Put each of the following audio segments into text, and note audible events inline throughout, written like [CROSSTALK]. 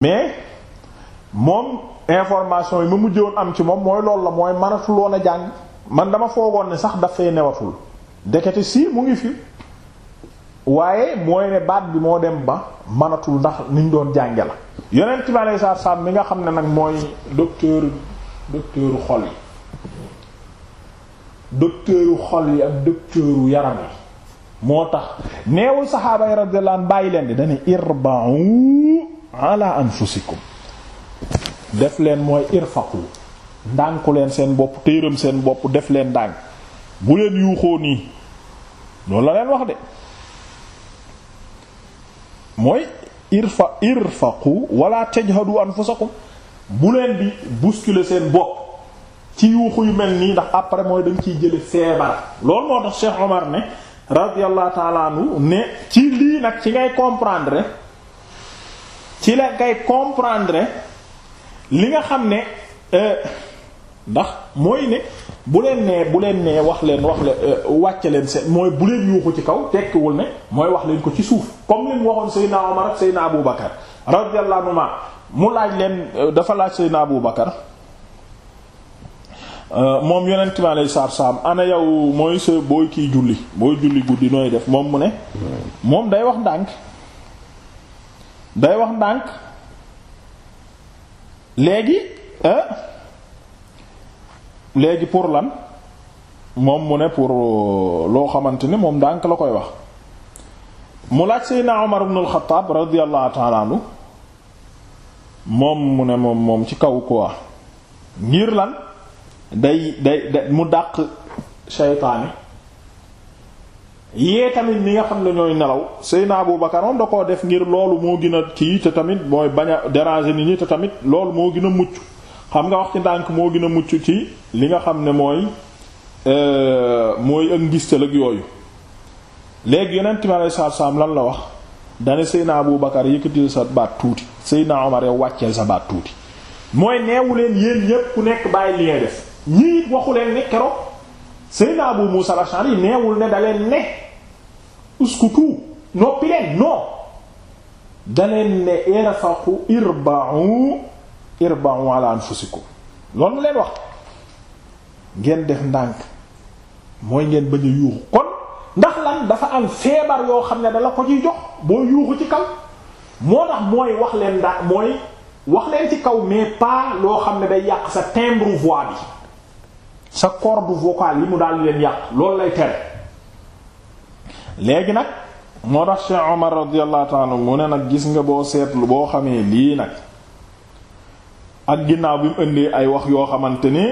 mais moom information yi ma mujjoon am ci moom mooy loolu la mooy mënatul a jàng man dama foogoon ne sax daf fay newatul dekete si mu ngi fi waaye mooy ne baat bi moo dem ba mënatul ndax niñ doon jànge la yonent bi alei saatu salaam mi nga xam ne nag mooy docteur docteuru xol yi docteuru yi ak docteuru yaram yi moo tax neewul saxaaba yi radiyallahu anhu bàyyi leen di dañu irba'u ala anfusikum def leen mooy irfaqu ndànku leen seen bopp téeram seen bopp def leen ndànk bu leen yuuxoo nii loolu la leen wax de mooy irfa irfaqu wala tajhadu anfusakum bu leen di bousculer seen bopp ci yuuxu yu mel nii ndax après mooy dañ ciy jële feebar loolu moo tax Cheikh Omar ne radiyallahu ta'ala anhu ne ci lii nag ci ngay comprendre ci la ngay comprendre li nga xam ne euh, ndax mooy ne bu leen nee bu leen nee wax leen wax euh, wàcce leen seen mooy bu leen yuuxu ci kaw tekkiwul ne mooy wax leen ko ci suuf comme leen waxoon Seydina Omar ak naa Abu Bakar radiyallahu anhuma mu laaj leen euh, dafa laaj Seydina Abu Bakar moom yeneen mi alayhi salaatu salaam ana yow mooy sa booy kiy julli booy julli guddi nooy def moom mu ne hmm. moom day wax ndànk day wax ndànk léegi euh, léegi pour lan moom mu ne pour euh, loo xamante ni moom ndànk la koy wax mu laaj Seydina Omar ibn al-Khattab radiyallahu moom mu ne moom moom ci kaw quoi ngir lan day day mu dàq seytaane yee tamit ñi nga xam ne ñooy nelaw Seydina Abu Bakar moom da koo def ngir loolu moo gën a kii te tamit mooy bañ a déranger nit ñi te tamit loolu moo gën a mucc xam nga wax ci ndànk moo gën a mucc ci li nga xam ne mooy euh, mooy ak ngistal yooyu léegi yonent mi alayhi salaatu salaam lan la wax dane Seydina Abu Bakar yëkkatil sa baat tuuti Seydina Omar yow wàcceel sa baat tuuti mooy neewu leen yéen ñépp ku nekk bàyyi li ngay def ñii waxu leen ne keroog Seydina Abu Musa al-Ash'ari neewul ne daleen ne uskutu noppi leen non daleen ne irfaqu irba'u irba'u ala ko loolu leen wax ngeen def ndànk mooy ngeen bañ a yuuxu kon ndax lan dafa am feebar yoo xam ne dala ko ci jox boo yuuxu ci kaw moo tax mooy wax leen ndax mooy wax leen ci kaw mais pas loo xam ne day yàq sa timbre voix bi sa corde vocale yi mu daal leen yàq loolu lay tere léegi nag moo tax Cheikh Omar radiyallahu ta'ala mu ne nag gis nga boo seetlu boo xamee lii nag ak ginnaaw bi mu indee ay wax yoo xamante ni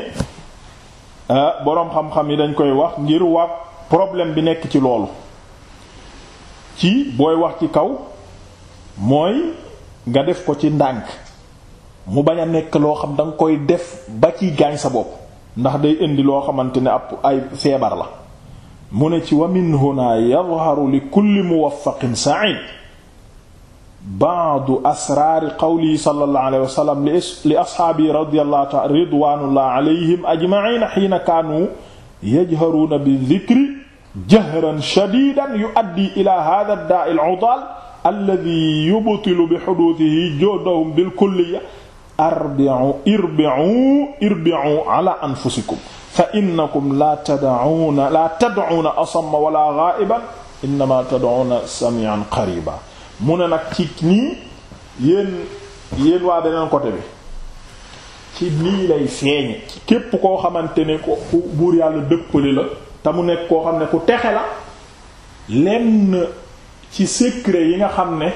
eh, boroom xam-xam yi dañ koy wax ngir wax problème bi nekk ci loolu ci booy wax ci kaw mooy nga def ko ci ndànk mu bañ a nekk loo xam danga koy def ba ci gaañ sa bopp ndax day indi loo xamante ne ab ay feebar la mu ne ci wa min huna yadharu li kulli muwaffaqin sa'id baadu asraari qawlihi sallallahu alayhi wa sallam li asxaabi radiyallahu ta'ala ridwanullahi alayhim ajma'in hiina kaanu yajharuuna bidhikri jahran shadiidan yu'addi ila hadha ad-daa'i al-'udal alladhi yubtilu bi huduuthihi juhdahum bil kulliyya arbi'u irbi'u irbi'u ala anfusikum fa innakum la tad'una la tad'una asamma wala gha'iban innama tad'una sami'an qariba mu ne nag ci nii yéen yéen waa beneen côté bi ci nii lay feeñe ci képp koo xamante ne ko ku buur yàlla dëppale la te mu nekk koo xam ne ku texe la lenn ci secret yi nga xam ne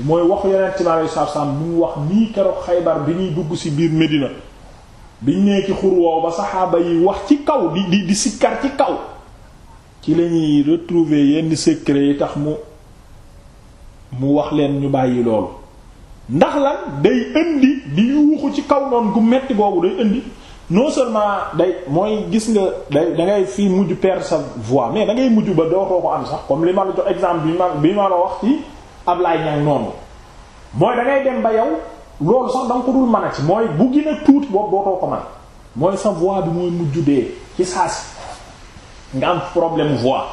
mooy waxu yeneen ci bari sarsam bi mu wax nii keroog xaybar bi ñuy bugg ci biir Medina biñ nee ci xurwoow ba saxaaba yi wax ci kaw di di di sikkar ci kaw ci lañuy retrouver yenn secret yi tax mu mu wax leen ñu bàyyi loolu ndax lan day indi di yuuxu ci kaw noonu gu metti boobu day indi non seulement day mooy gis nga day da ngay fii mujj perdre sa voix mais da ngay mujj ba dootoo ko am sax comme li ma la jox exemple bi ma bi ma la wax ci Ablaye Niang noonu mooy da dem ba yow loolu sax da ko dul mën ci mooy bu gën a tuuti boobu dootoo ko mën mooy sa voix bi mooy mujj dee ci saa si nga am problème voix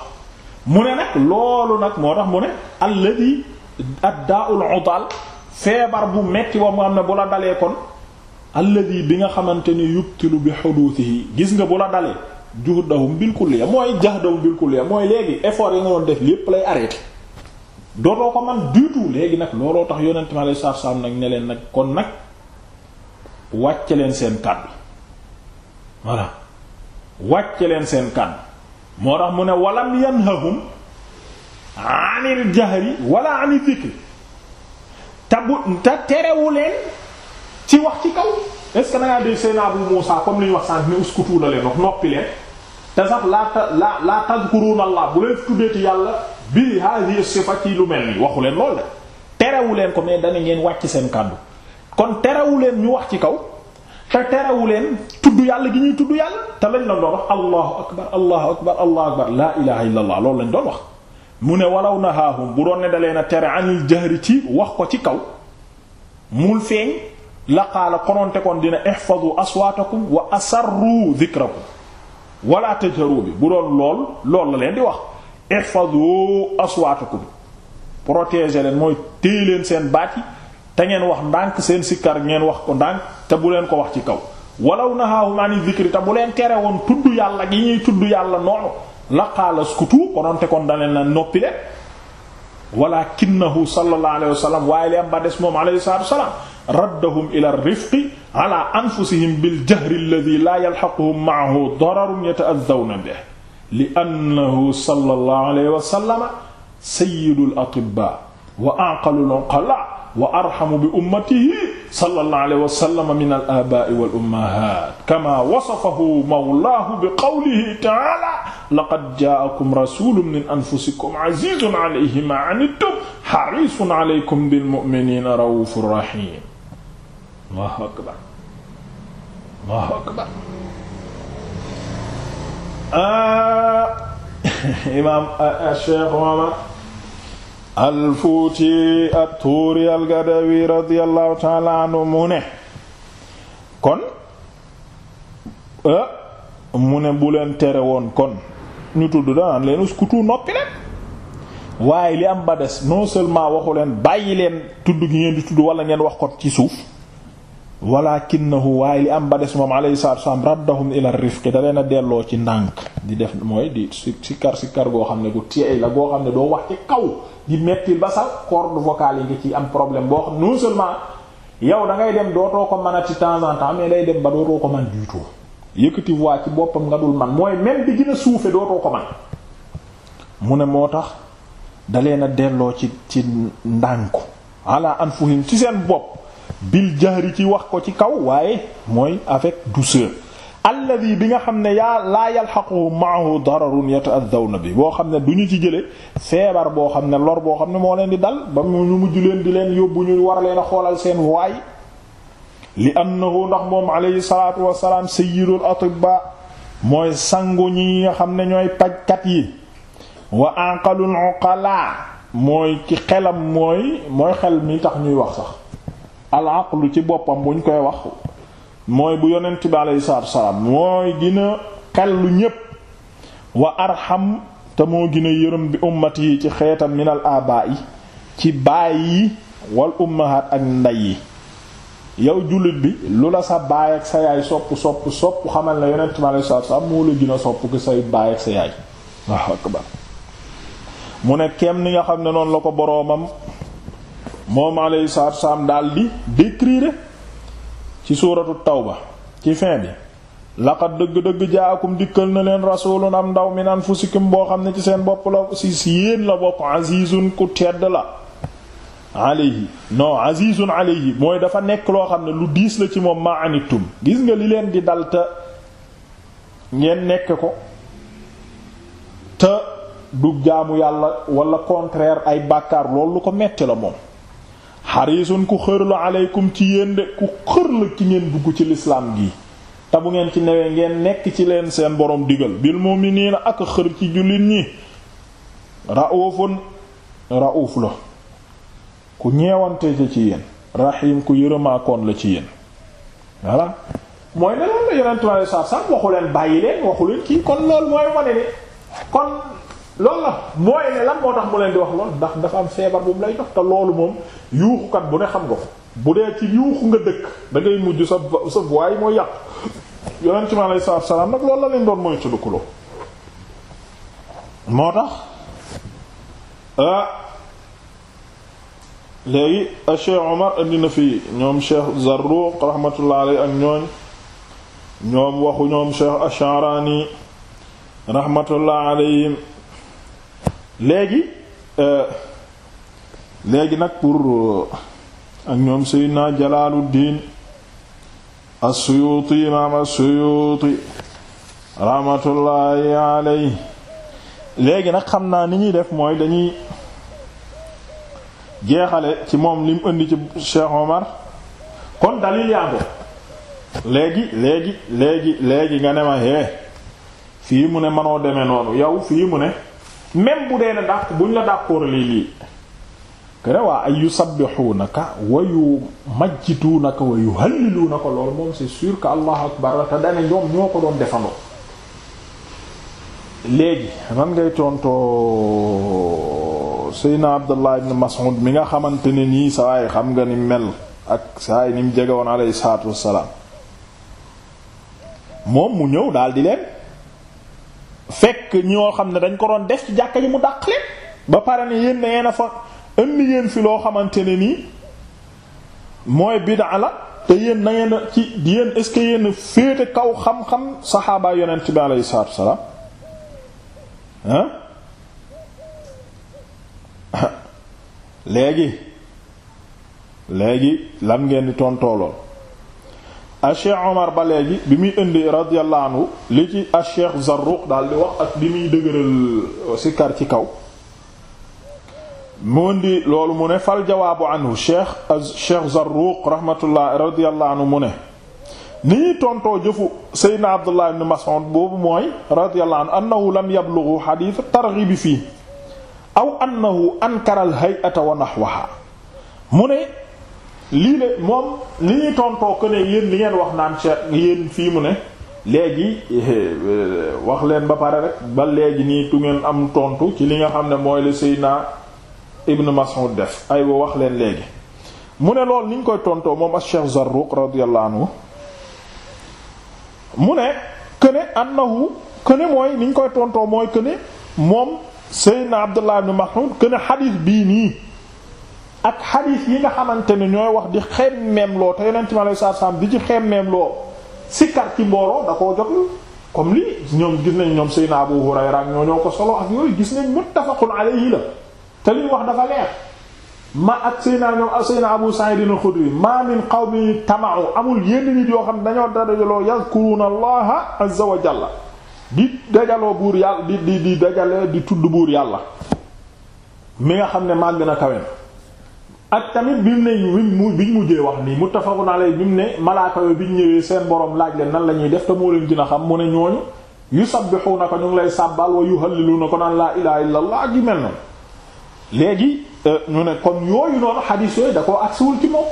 mu ne nag loolu nag moo tax mu ne alladi ad-da'ul 'udal feebar bu metti wa mu am na bu la dalee kon alladi bi nga xamante ni yubtilu bi huduthihi gis nga bu la dalee juhdahum bil kulliya mooy jahdahum bil kulliya mooy léegi effort yi nga doon def lépp lay arrêté dootoo ko man du tout léegi nag looloo tax yonent ma lay saaf nag ne leen nag kon nag wàcce leen seen kàddu voilà wàcce leen seen kàddu moo tax mu ne walam yanhahum anil jahri wala anil dhikr te bu te terewu leen ci wax ci kaw est-ce que da ngaa Muusa comme li ñu wax sànq ne uskutu la leen wax noppi leen te sax laa ta laa laa tadkuruna Allah bu leen tuddee ci yàlla. bi hadhihi sifa ci lu mel ni waxu leen lool la terewu leen ko mais dana ngeen wàcc seen kàddu kon terewu leen ñu wax ci kaw te terewu leen tudd yàlla gi ñuy tudd yàlla te lañ la doon wax allahu akbar allahu akbar allahu laa ilaha illa allah lañ doon wax mu ne walaw nahaahum bu doon ne da leen a tere anil jahri ci wax ko ci kaw mul feeñ laqaala kononte kon dina ihfadu aswaatakum wa asarru dhikrakum wala tajharu bi bu doon lool lool la leen di wax ihfazu aswaatakum protéger leen mooy téye seen baat yi ngeen wax ndànk seen sikkar ngeen wax ko ndànk te bu leen ko wax ci kaw walaw nahaahum ani zikri te bu leen tere woon tudd yàlla gi tudd yàlla noonu laqaala skutu kononte kon daleen na noppi leen walakinahu sallallahu alayhi waaye ba des moom alayhi salatu wasalam raddahum ila rifqi ala anfusihim bil jahri alladhi la yalhaquhum ma'ahu dararun yata'adhawna bihi li annahu sallallahu alayhi wa sallama sayyidul atibba wa aqalul uqala wa arhamu bi ummatihi sallallahu alayhi wa sallama min al aba'i wal ummahat kama wasafahu mawlaahu bi qawlihi ta'ala laqad ja'akum rasulun min anfusikum azizun alayhi ma anittum harisun alaykum bil mu'minina raufur rahim Allahu akbar Allahu akbar Ah! [LAUGHS] imaam ah, ah, Cheikh Omar at-Tuuri al-Gadawi radiyallahu ta'ala anhu mu ne kon mu ne bu leen tere woon kon ñu tudd danaan leen uskutu noppi leen waaye li am ba des non seulement waxu leen bàyyi leen tudd gi ngeen di tudd wala ngeen wax ko ci suuf kin naxu waaye li am ba des moom alayhi salaatu wasalaam raddahum ila rifqi da leen a delloo ci ndànk di def mooy di sikkar sikkar goo xam ne gu teey la goo xam ne doo wax ci kaw di mettil ba sa corde vocale yi nga ci am problème boo xam non seulement yow da ngay dem dootoo ko mën a ci temps en temps mais day dem ba dootoo ko mën du tout yëkkati voix ci boppam nga dul man mooy même bi gën a suufe dootoo ko man mu ne moo tax da leen a delloo ci ci ndànku ala anfuhim ci seen bopp bil jahri ci wax ko ci kaw waaye mooy avec douceur alladi bi nga xam ne yaa laa yalxaqu maahu dararun yata'adhawna bi boo xam ne du ñu ci jële feebar boo xam ne lor boo xam ne moo leen di dal ba mu ñu mujj leen di leen yóbbu ñuy warale leen a xoolal seen waay li annahu ndax moom alayhi salaatu wasalaam sayyidul atibaa mooy sangu ñi nga xam ne ñooy pajkat yi wa aqalul uqala mooy ki xelam mooy mooy xel mi tax ñuy wax sax al aqlu ci boppam buñ koy wax mooy bu yonent bi aleyhi salaatu wasalaam mooy gën a xellu ñépp wa arham te moo gën yërëm bi ummat yi ci xeetam minal abaa yi ci baay yi wal ummahaat ak ndey yi yow jullit bi lu la sa baay ak sa yaay sopp sopp sopp xamal ne yonent bi aleyhi salaatu wasalaam moo la gën sopp ki say baay ak sa yaay mu ne kem ni nga xam ne noonu la ko boroomam moom alayhi salaatu salaam daal di décrire ci suuratu ba ci fin bi laqad dëgg-dëgg jaakum dikkal na leen rasulun am ndaw min anfusikum boo xam ne ci seen bopp la aussi si yéen la bopp azizun ku tedd la alayhi non azizun yi mooy dafa nekk loo xam ne lu diis la ci moom ma anittum gis nga li leen di dal te ngeen nekk ko te du jaamu yàlla wala contraire ay bàkkaar loolu lu ko metti la moom xarisun ku xër la ci yéen de ku xër la ci ngeen dugg ci lislaam gi te bu ngeen ci newee ngeen nekk ci leen seen borom digal bil mu'miniina ak xër ci jullit ñi raufun rauf la ku ñeewante ci yéen rahim ku yërëmaakoon la ci yéen mooy ne yeneen tubaab yi sax waxu leen bàyyi leen waxu leen kii kon loolu mooy wane ne kon. loolu la mooy ne lan moo tax mu leen di wax lool ndax dafa am feebar bu mu lay jox te loolu moom yuuxukat bu ne xam ko bu dee ci yuuxu nga dëkk da ngay mujj sa sa voix yi mooy yàq yonent mi alayhi salaam nag lool la leen doon mooy tudd kuloo moo tax ah léegi ah, Cheikh Omar indi na fii ñoom Cheikh Zarruq rahmatullah alayhi ak ñooñ ñoom waxu ñoom Cheikh Ash'arani rahmatullah alayhim léegi euh, léegi nag pour euh, ak ñoom Seydina Jalaaluddin as-Suyuuti imaam as-Suyuuti rahmatullahi alayhi léegi nag xam naa ni ñuy def mooy dañuy jeexale ci moom lim indi ci Cheikh Omar kon dalil yàngo léegi léegi léegi léegi nga ne ma hee fii mu ne manoo demee noonu yow fii mu ne même bu dee ne bu buñ la d'accord lii lii kene waa ay yusabbihunaka wa yumajjidunaka wa yuhallilunaka loolu moom c'est sûr que allahu akbar la te dane ñoom ñoo ko doon defandoo léegi nan ngay tontoo Seydina Abdullah ibn Mas'ud mi nga xamante ne nii sawaay xam nga ni mel ak saay ni mu jege woon alayhi salaatu wassalaam moom mu ñëw daal di leen fekk ñoo xam ne dañ ko doon def ci jàkka ji mu dàq leen ba pare ne yéen nee na fa indi yéen fi loo xamante ne nii mooy bid'a la te yéen na ngeen ci yéen est ce yéen féete kaw xam-xam saxaabaa yonent bi alayhi salaatu wasalaam ah [LAUGHS] léegi léegi lan ngeen di tontooloon Cheikh Omar ba léegi bi muy indi radiyallahu li ci a Cheikh Zarruq daal di wax ak li muy dëgëral euh, sikar ci kaw mu indi loolu mu ne fal jawaabu anhu Cheikh Cheikh Zarruq rahmatullah radiyallahu mu ne ni tontoo jëfu Seydina Abdullah ibn Mas'ud boobu mooy radiyallahu anhu lam yablughu hadith targhib fii aw annahu ankara al hay'ata wa mu ne lii de moom li ñuy tontoo ko ne yéen li ngeen wax naan cher yéen fii mu ne léegi eh, wax leen ba pare rek ba léegi nii tu ngeen am tontu ci li nga xam ne mooy le Seydina Ibn Mas'ud def ay wax leen léegi mu ne lool ni ñu koy tontoo moom as-Cheikh Zarruq radiyallahu anhu mu ne këne annahu këne mooy ni ñu koy tontoo mooy këne moom Seydina Abdullah ibn Mas'ud këne xadiis bii nii ak xadiis yi nga xamante ne ñooy wax di xemmeem loo te yonent mi alayhi salaatu salaam di ci xemmeem loo sikkar ci mbooloo da koo jot comme lii ñoom gis nañ ñoom Seydina Abu Hurayra ñoo ñoo ko solo ak yooyu gis nañ muttafaqun alayhi la te liñ wax dafa leer ma ak Seydina ñoom Seydina Abu Sa'id al xaw mi min qawmi tama'u amul yenn nit yoo xam dañoo dajaloo yazkuruna Allah azza wa jalla di dajaloo buur yàlla di di di dajale di tudd buur yàlla mi nga xam ne màgg na kawen ak tamit bi mu ne biñ mujjee wax nii muttafaqun alayhi bi mu ne malaaka yo biñ ñëwee seen borom laaj leen nan la ñuy def te moo leen gën a xam mu ne ñooñu yusabbihuna ko ñu ngi lay sàbbal wa yuhalliluna ko naan laa ilaha illa allah ak yu mel noonu léegi euh, ñu ne kon yooyu noonu xadiis yooyu da koo agsiwul ci moom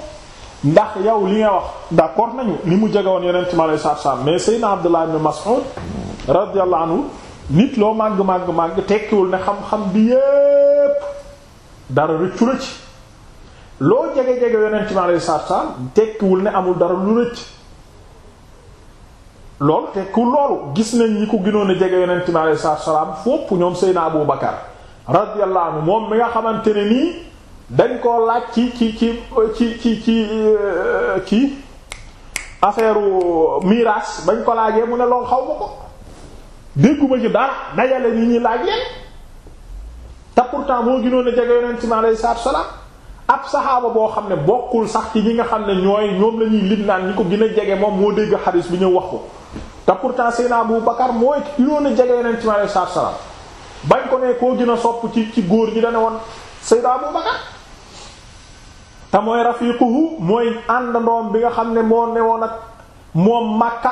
ndax yow li nga wax d'accord nañu ni mu jege woon yeneen ci ma lay saabsaab mais Seydina Abdullah ibn Mas'ud radiyallahu anhu nit loo màgg màgg màgg tekkiwul ne xam-xam bi yépp dara rëccu la ci. loo jege jege yonent mi alayhi salaatu salaam tekkiwul ne amul dara lu rëcc loolu tekkiwul loolu gis nañ ñi ko gënoon a jege yonent mi alayhi salaatu salaam fopp ñoom Seydina Abu Bakar radiyallahu anhu moom mi nga xamante ne nii dañ koo laaj ci ci ci ci ci ci euh, ci affaire miraas bañ ko laajee mu ne lool xaw ma ko dégguma ci dara dajale ni ñuy laaj leen te pourtant moo gënoon a jege yonent mi alayhi salaatu salaam ab saxaaba boo xam ne bokkul sax ci ñi nga xam ne ñooy ñoom la ñuy lim naan ñi ko gën a jege moom moo dégg xadis bi ñëw wax ko te pourtant Seydina Abu Bakar mooy ki gënoon a jege Yonent bi alayhi salaatu salaam bañ ko ne koo gën a sopp ci góor ñi da ne woon Seydina Abu Bakar te mooy rafiquhu mooy àndandoom bi nga xam ne moo ne newoon ak moom Makka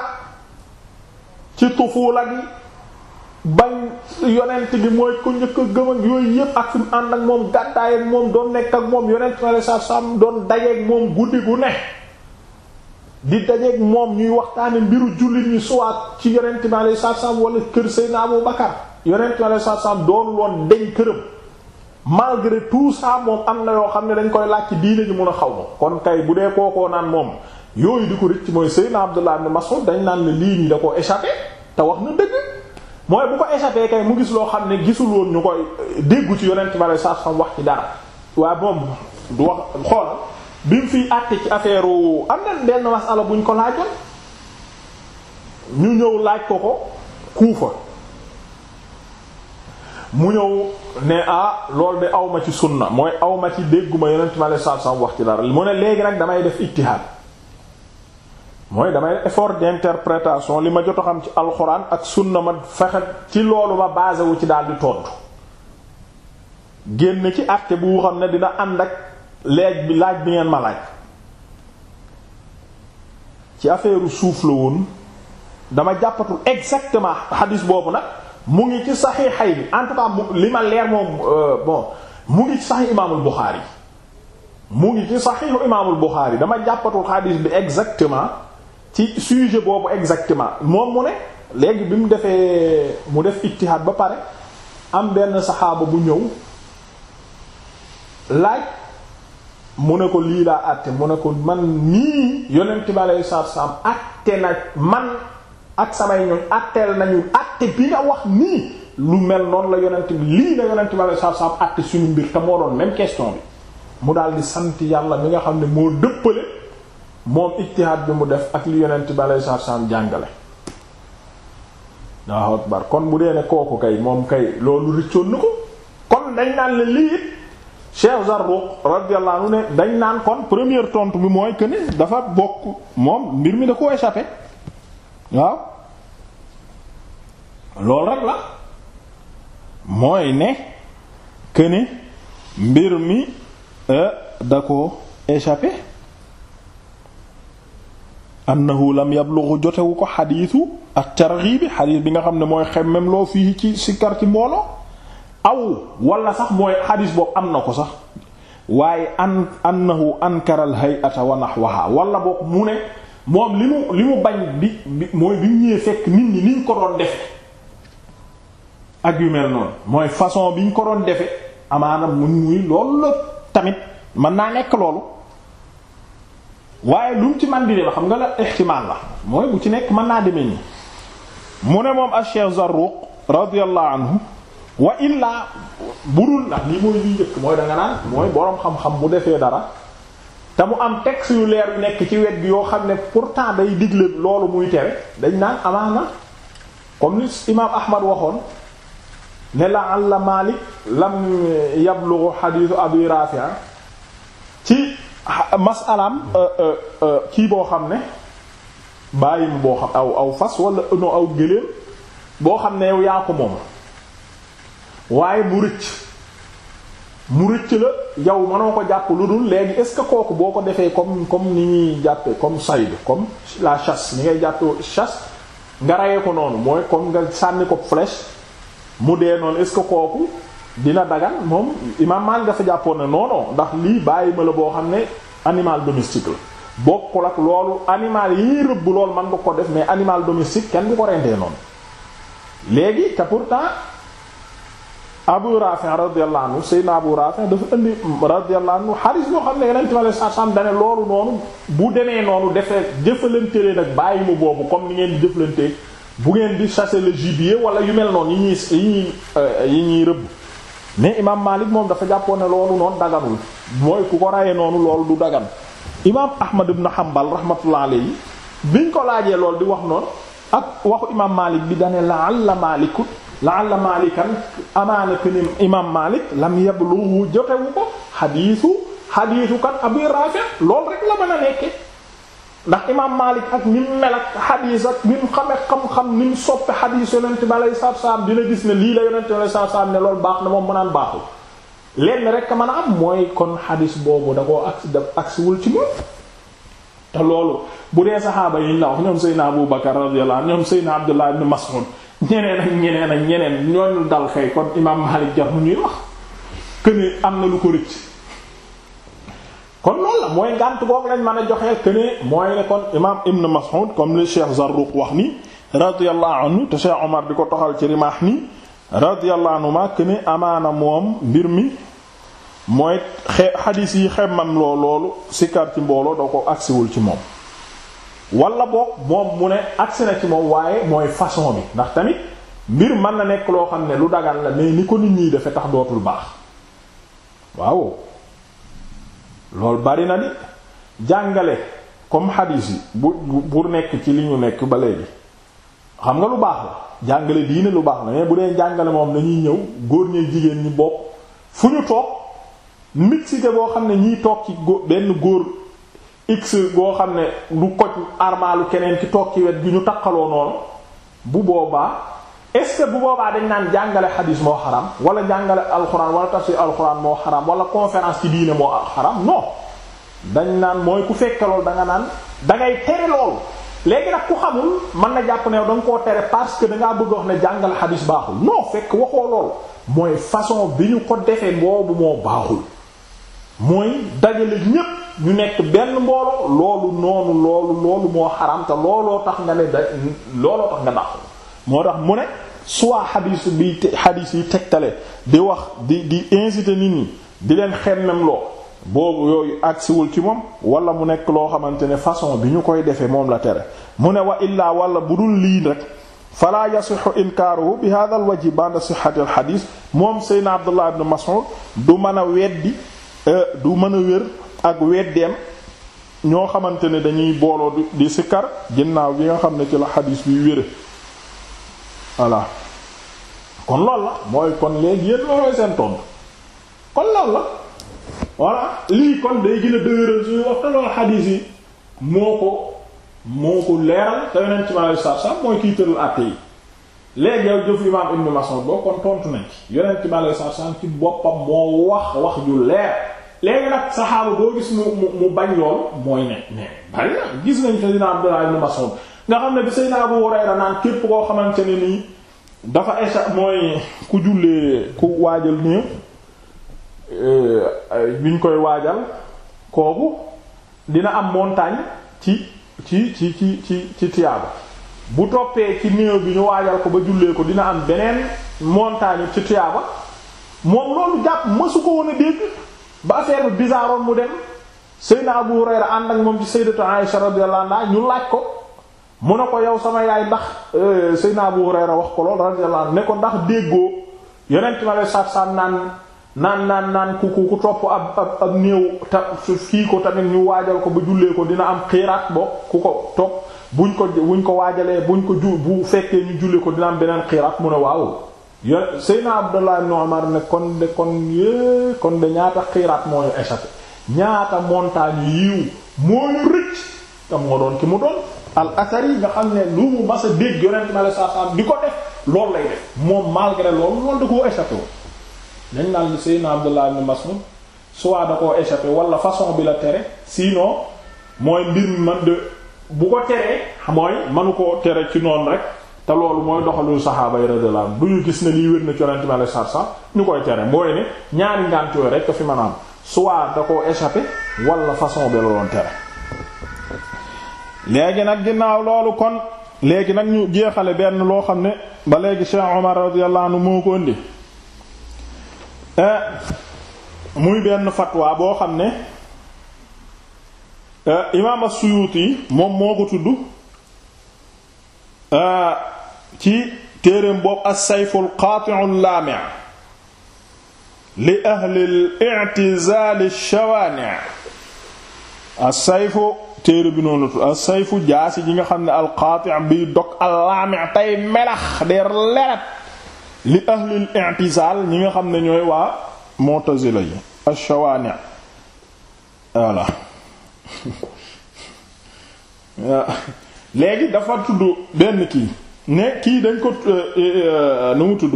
ci tufuula gi bañ yonent bi mooy ko njëkk a gëm ak yooyu yëpp ak fi mu ànd ak moom gàddaay ak moom doon nekk ak moom yonent na la sa sam doon dajeeg moom guddi gu ne di dajeeg moom ñuy waxtaane mbiru jullit ñi soit ci yonent bi alayhi salaatu salaam wala kër naa Abu Bakar yonent bi alayhi salaatu salaam doon woon deñ këram malgré tout ça moom am na yoo xam ne dañ koy laaj ci diine ñu mën a xaw ma kon kay bu dee kookoo naan moom yooyu di ko rëcc mooy Seydina Abdullah ibn dañ naan ne mooy bu ko échappé kay mu gis loo xam ne gisul woon ñu koy euh, déggu ci yonent bi saa sam wax ci dara waaye boobu du wax xool bi mu fiy àtte ci affaire am na benn masala buñ ko laajoon ñu ñëw laaj ko ko kuufa mu ñëw ne ah loolu de awma ci sunna mooy awma ci dégguma yonent bi saa sam wax ci dara mu ne léegi nag damay def ijtihaad mooy damay effort d'interprétation li ma jot a xam ci alxuraan ak sunna ma fexe ci loolu ma basé wu ci daal di tontu génn ci acte bu xam ne dina ànd ak leeg bi laaj bi ngeen ma laaj ci affaire suuf la woon dama jàppatul exactement hadis boobu nag mu ngi ci saxiixay bi en tout cas li ma leer moom euh, bon mu ngi ci saxiix imaamul Buxaari mu ngi ci saxiixu imaamul Buxaari dama jàppatul hadis bi exactement. ci sujet boobu exactement moom mu ne léegi bi mu defee mu def ijtihaad ba pare am benn saxaaba bu ñëw laaj mu ne ko lii laa àtte mu ne ko man nii yonent bi aleyhi salaatu wasalaam àtte na man ak samay ñoñ àtteel nañu àtte bi nga wax nii lu mel noonu la yonent bi lii la yonent bi aleyhi salaatu wasalaam àtte suñu mbir te moo doon même question bi mu daal di sant yàlla mi nga xam ne moo dëppale moom ijtihaad bi mu def ak li yonent bi aleyhi salaatu salaam jàngale waaw akbar kon mu dee ne kooku kay moom kay loolu rëccoon na ko kon dañ naan la lii it Cheikh Zarruq radiyallahu anhu ne dañ naan kon première tontu bi mooy que ne dafa bokk moom mbir mi da koo échappé waaw loolu rek la mooy ne que mbir mi euh, da ko échappé annahu lam yablughu jotewu ko xadiisu ak targhiib xadiis bi nga xam ne mooy xemmem loo fii ci sikkar ci mbooloo aw wala sax mooy xadiis boobu am na ko sax waaye an annahu ankara hay'ata wa nahwaha wala boobu mu ne moom li mu li mu bañ bi mooy bi mu ñëwee fekk nit ñi niñ ko doon defe ak yu mel noonu mooy façon biñ ko doon defe amaana mun muy loolu la tamit mën naa nekk loolu waaye lu mu ci man di dem xam nga la ihtimaal la mooy bu ci nekk mën naa demee nii mu ne moom Cheikh Zarruq radiyallahu anhu wa illaa burul ndax lii mooy lii njëkk mooy da naan mooy boroom xam-xam bu defee dara te mu am texte yu leer yu nekk ci wet bi yoo xam ne pourtant day digle loolu muy tere dañ naan amaana comme ni imaam Ahmad waxoon ne la'alla Maalik lam yablughu xadiisu Abi Raafi' ci masalaam euh, euh, euh, kii boo xam ne bàyyim boo xam aw aw fas wala non aw gëléem boo xam ne yow yaa ko moom waaye mu rëcc mu rëcc la yow mënoo ko jàpp lu dul léegi est ce que kooku boo ko defee comme comme ni ñuy jàppe comme sayd comme la chasse ni ngay jàppe chasse nga rayee ko noonu mooy comme nga sànni ko flèche mu dee noonu est kooku dina dagan moom imaam Maalik dafa jàppoon na non ndax lii bàyyi ma la boo xam ne animal domestique la bokkul ak loolu animal yi rëbb loolu man nga ko def mais animal domestique kenn du ko rendee noonu léegi te pourtant Abu Rafi radiyallahu anhu Seydina Abu Rafi dafa indi radiyallahu anhu xaris boo xam ne yeneen ci wàllu sàrsam dane loolu noonu bu demee noonu defee jëflante leen ak bàyyi ma boobu comme ni ngeen di jëflante bu ngeen di chasser le gibier wala yu mel noonu yi ñuy yi ñuy euh, mais imaam Malik moom dafa jàppoon ne loolu noonu daganul mooy ku ko rayee noonu loolu du dagan imaam Ahmad ibn Hanbal rahmatullah alayhi biñ ko laajee loolu di wax noonu ak waxu imaam Malik bi dane la'alla Malikut la'alla Malikan amaana keni imaam Malik lam yablughu jotewu ko xadiisu xadiisu kan Abi Rafi' loolu rek la mën a nekke ndax imaam Maalik ak ni mu mel ak xadiis ak ni mu xame xam-xam ni mu soppe xadiis yonent bi alayhi salaatu salaam dina gis ne lii la yonent bi alayhi salaatu salaam ne loolu baax na moom mu naan baaxul lenn rek mën a am mooy kon xadiis boobu da koo agsi da agsiwul ci moom te loolu bu dee saxaaba yi ñu la wax ñoom Seydina Abu Bakar la anhu ñoom Seydina Abdullah ibn mas ñeneen ak ñeneen ak ñeneen ñooñu dal xëy kon imaam Maalik jar mu ñuy wax que ne am na lu ko rëcc. kon loolu la mooy ngànt googu lañ mën a joxeel que ne mooy ne kon imaam Ibn Mas'ud comme le Cheikh Zarruq wax ni radiyallahu anhu te Cheikh Omar di ko toxal ci rimaax ni radiyallahu anhu ma que ne amaana moom mbir mi mooy xe xadiis yi xemmam loo loolu sikkar ci mbooloo doo ko agsiwul ci moom walla boog moom mu ne agsi na ci moom waaye mooy façon bi ndax tamit mbir mën na nekk loo xam ne lu dagal la mais ni ko nit ñi dafa tax dootul baax waaw loolu bari na di jàngale comme xadiis yi bu pour nekk ci li ñu nekk ba léegi xam nga lu baax la jàngale diine lu baax la mais bu dee jàngale moom dañuy ñëw góor ñee jigéen ñi bopp fu ñu toog mixité boo xam ne ñiy toog ci benn góor x boo xam ne du koj armaalu keneen ci toog ci wet gi ñu takkaloo noonu bu boobaa est-ce bu boobaa dañ naan jàngale xadiis moo xaram wala jàngale alxuraan wala tafsir alxuraan moo xaram wala conférence ci diine moo xaram non dañ naan mooy ku fekke lool danga naan dangay ngay tere lool léegi nag ku xamul mën na jàpp ne da nga koo tere parce que da ngaa bëgg wax ne jàngale xadiis baaxul non fekk waxoo lool mooy façon bi ñu ko defee boobu moo baaxul mooy dajale ñépp ñu nekk benn mbooloo loolu noonu loolu loolu moo xaram te looloo tax nga ne da moo tax mu ne soit xadiis bi xadiis yi tegtale di wax di di inciter nit ñi di leen xemmem loo boobu yooyu agsiwul ci moom wala mu nekk loo xamante ne façon bi ñu koy defee moom la tere mu ne wa illaa wala bu dul lii rek fala yasixu inkaaruhu bi hada al waji banda sixati al xadis moom seydna abdullah ibn mas'ud du mën a weddi euh, du mën a wér ak weddeem ñoo xamante ne dañuy booloo di sikkar ginnaaw bi nga xam ne ci la xadis bi wére voilà kon lool la mooy kon léegi yéen loolooy seen tontu kon loolu la voilà lii kon day gën a dëgëral suñu waxta loolu xadiis yi moo ko moo ko leeral te yeneen ci ma sar sam mooy kii tëral yi léegi yow ci yonent bi alei boppam moo wax wax ju leer léegi nag saxaaba boo gis mu mu bañ loolu mooy ne ne bari na gis nañ te dina Abdullah Ibn Mas'ud nga xam ne bi na Abu Hurayra naan képp koo xamante ne nii dafa échec mooy ku jullee ku waajal néew euh, biñ koy waajal kooku dina am montagne ci ci ci ci ci ci tiyaaba bu toppee ci néew bi ñu waajal ko ba jullee ko dina am beneen montagne ci tiyaaba moom loolu jàpp mësu ko woon a dégg ba affaire bi mu dem Seydina Abu Hurayra ànd ak moom ci Sayyidatu Aisha radiyallahu anha ñu laaj ko mu ne ko yow sama yaay ndax euh, Seydina Abu Hurayra wax ko lool radiyallahu anhu ne ko ndax déggoo yonent ma lay naan naan naan naan ku ku topp ab ab ab néew ta ko tamit ñu waajal ko ba jullee ko dina am xiiraat bo ku ko topp buñ ko buñ ko waajalee buñ ko ju bu fekkee ñu jullee ko dina am beneen xiraat mu ne waaw. yo Seydina Abdullah ibn Umar ne kon de kon yee kon de ñaata xiiraat mooy ñu ñaata montagne yiiw moo ñu rëcc te moo doon ki mu doon. al asari nga xam ne lu mu mas a dégg yonent ma la saa saa di ko def loolu lay def moom malgré loolu loolu da koo échappé woon dañ naan Seydina Abdullah ibn Mas'ud soit da wala façon bi la tere sinon mooy mbir mi man de bu ko teree mooy manu koo tere ci noonu rek te loolu mooy doxalu saxaaba yi radiyallahu anhum du ñu gis ne lii wér na ci yonent ma la ñu koy tere mooy ne ñaari ngànt yooyu rek fi mën a am soit da koo échappé wala façon bi la doon tere. léegi nag ginnaaw loolu kon léegi nag ñu jeexale benn loo xam ne ba léegi Cheikh Omar radiyallahu anhu eh, muy benn fatwa boo xam ne eh, imaam as-Suyuti moom moo ko tudd eh, ci téereem boobu as-sayful qaati'ul laami' li ahli al-i'tizaal ash-shawaani' as-sayfu téere bi noonu tudd as-sayfu jaasi ji nga xam ne al-qaati' biy dog al-laami' tey melax de lerat li ahlil i'tizaal ñi nga xam ne ñooy waa mu'tazila yi ash-shawaani' voilà [LAUGHS] léegi dafa tudd benn kii ne kii dañ ko euh, euh, nu mu tudd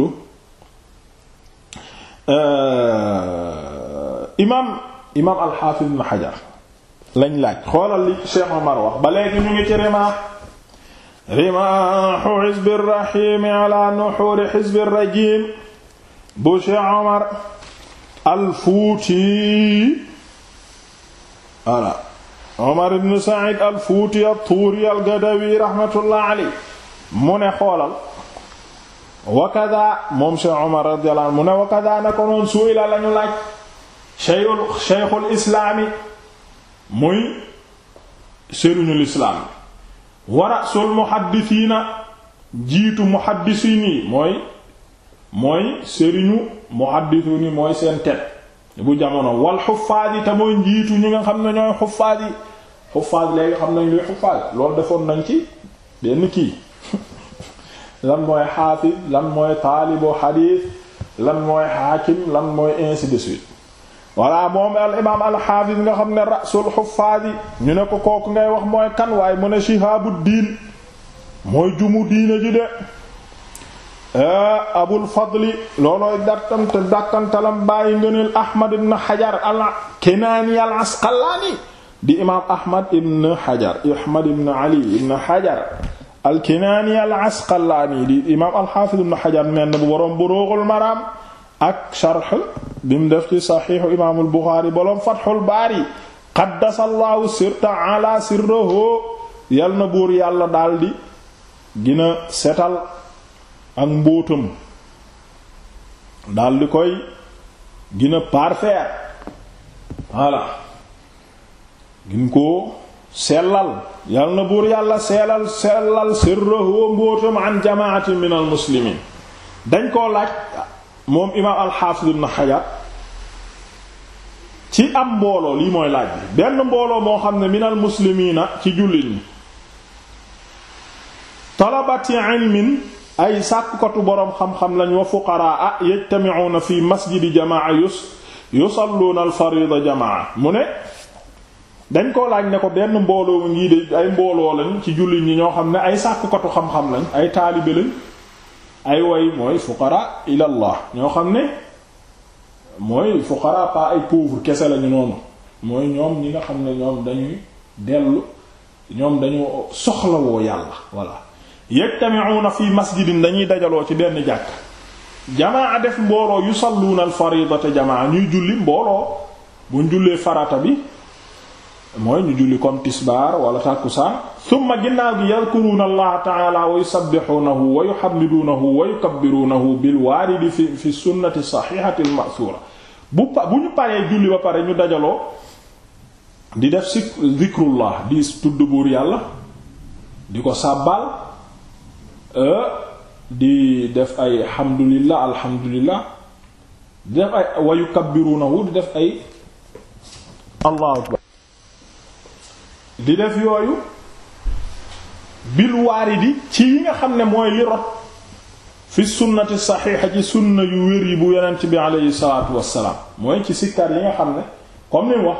euh, imaam imaam al-Haafiz Ibn Hajar lañ laaj xoolal li Cheikh Omar wax ba léegi ñu ngi ci rimaa rimaaxu xisbir raxiimi ala nuxuuri xisbir rajiim bu Cheikh Omar al fuuti ala Omar ibn Saïd al fuuti al tuuri al gadawi raxmatullah aley mu ne xoolal wakada moom Cheikh Omar radiyallahu anhu mu ne wakada na ko noon suila lañu laaj sheyul sheykhul islaami muy sëriñu lislaam wa rasul muhaddisiina jiitu muhaddisiin yi mooy mooy sëriñu muhaddisuun yi mooy seen tet bu jamono wal xuffaat yi te mooy njiitu ñi nga xam ne ñooy xuffaat yi xuffaat léegi xam nañ luy xuffaat loolu defoon nañ ci benn kii [LAUGHS] lan mooy xaafis lan mooy taalibu xadiis lan mooy xaakim lan mooy ainsi de suite voilà moom al imaam al xaafis nga xam ne rasul xuffaadi ñu ko kooku ngay wax mooy kan waaye mu ne shihaabu diin mooy jumu diine ji de eh, abul fadli loolooy dartam te dàkkantalam bàyyi ngëneel ahmad ibn hajar al kinaani al asqalaani di imaam ahmad ibn hajar al kinaani al asqalaani di imaam al xaafis ibn hajar mel na bu boroom bu ruuxul maraam ak sharx bi def ci saxiixu imaamul buxaari boroom fatxul baari qaddasallaahu sirta ala sirrahu yal na buur yàlla daldi gina setal ak mbóotam daldi koy gina parfaire voilà gin ko sellal yal na buur yàlla sellal sellal sirrahu mbóotam an jamaati minal muslimiin dañ koo laaj moom imaam alxaafis ibn Hajar ci am mbooloo lii mooy laaj bi benn mbooloo moo xam ne minal muslimiina ci jullit ñi talabati ilmin ay sàkkukatu boroom xam-xam lañ wa fuqaraa yajtami'una fi masjidi jamaa yus yusalluuna alfarida jamaa mu ne dañ ko laaj ne ko benn mbooloo ngi de ay mbooloo lañ ci jullit ñi ñoo xam ne ay sàkkukatu xam-xam lañ ay taalibe lañ ay way mooy fuqara ilallah ñoo xam ne mooy fuqara pas ay pauvre kese lañu noonu mooy ñoom ñi nga xam ne ñoom dañuy dellu ñoom dañu soxlawoo yàlla voilà yajtami'una fi masjidin dañuy dajaloo ci benn jàkk jamaa def mbooloo yusalluuna al faridata jamaa ñuy julli mbooloo buñ jullee farata bi mooy ñu julli comme tisbaar wala tàkkusaan summa ginnaaw gi yadkuruuna allaha taala wa yusabbihuunahu wa yuhammiduunahu wa yukabbiruunahu bil waaridi fi fi sunnati saxiixati al ma'suura bu pa ba pare ñu dajaloo di def si zikrullah di tudd yàlla di ko sàbbaal euh, di def ay alhamdulillah alhamdulillah di def yooyu bil waaridi ci yi nga xam ne mooy li rot fi sunnati saxiixa ci sunna yu wér yi bu yonent bi aleyhi salaatu wassalaam mooy ci sikkar yi nga xam ne comme ni wax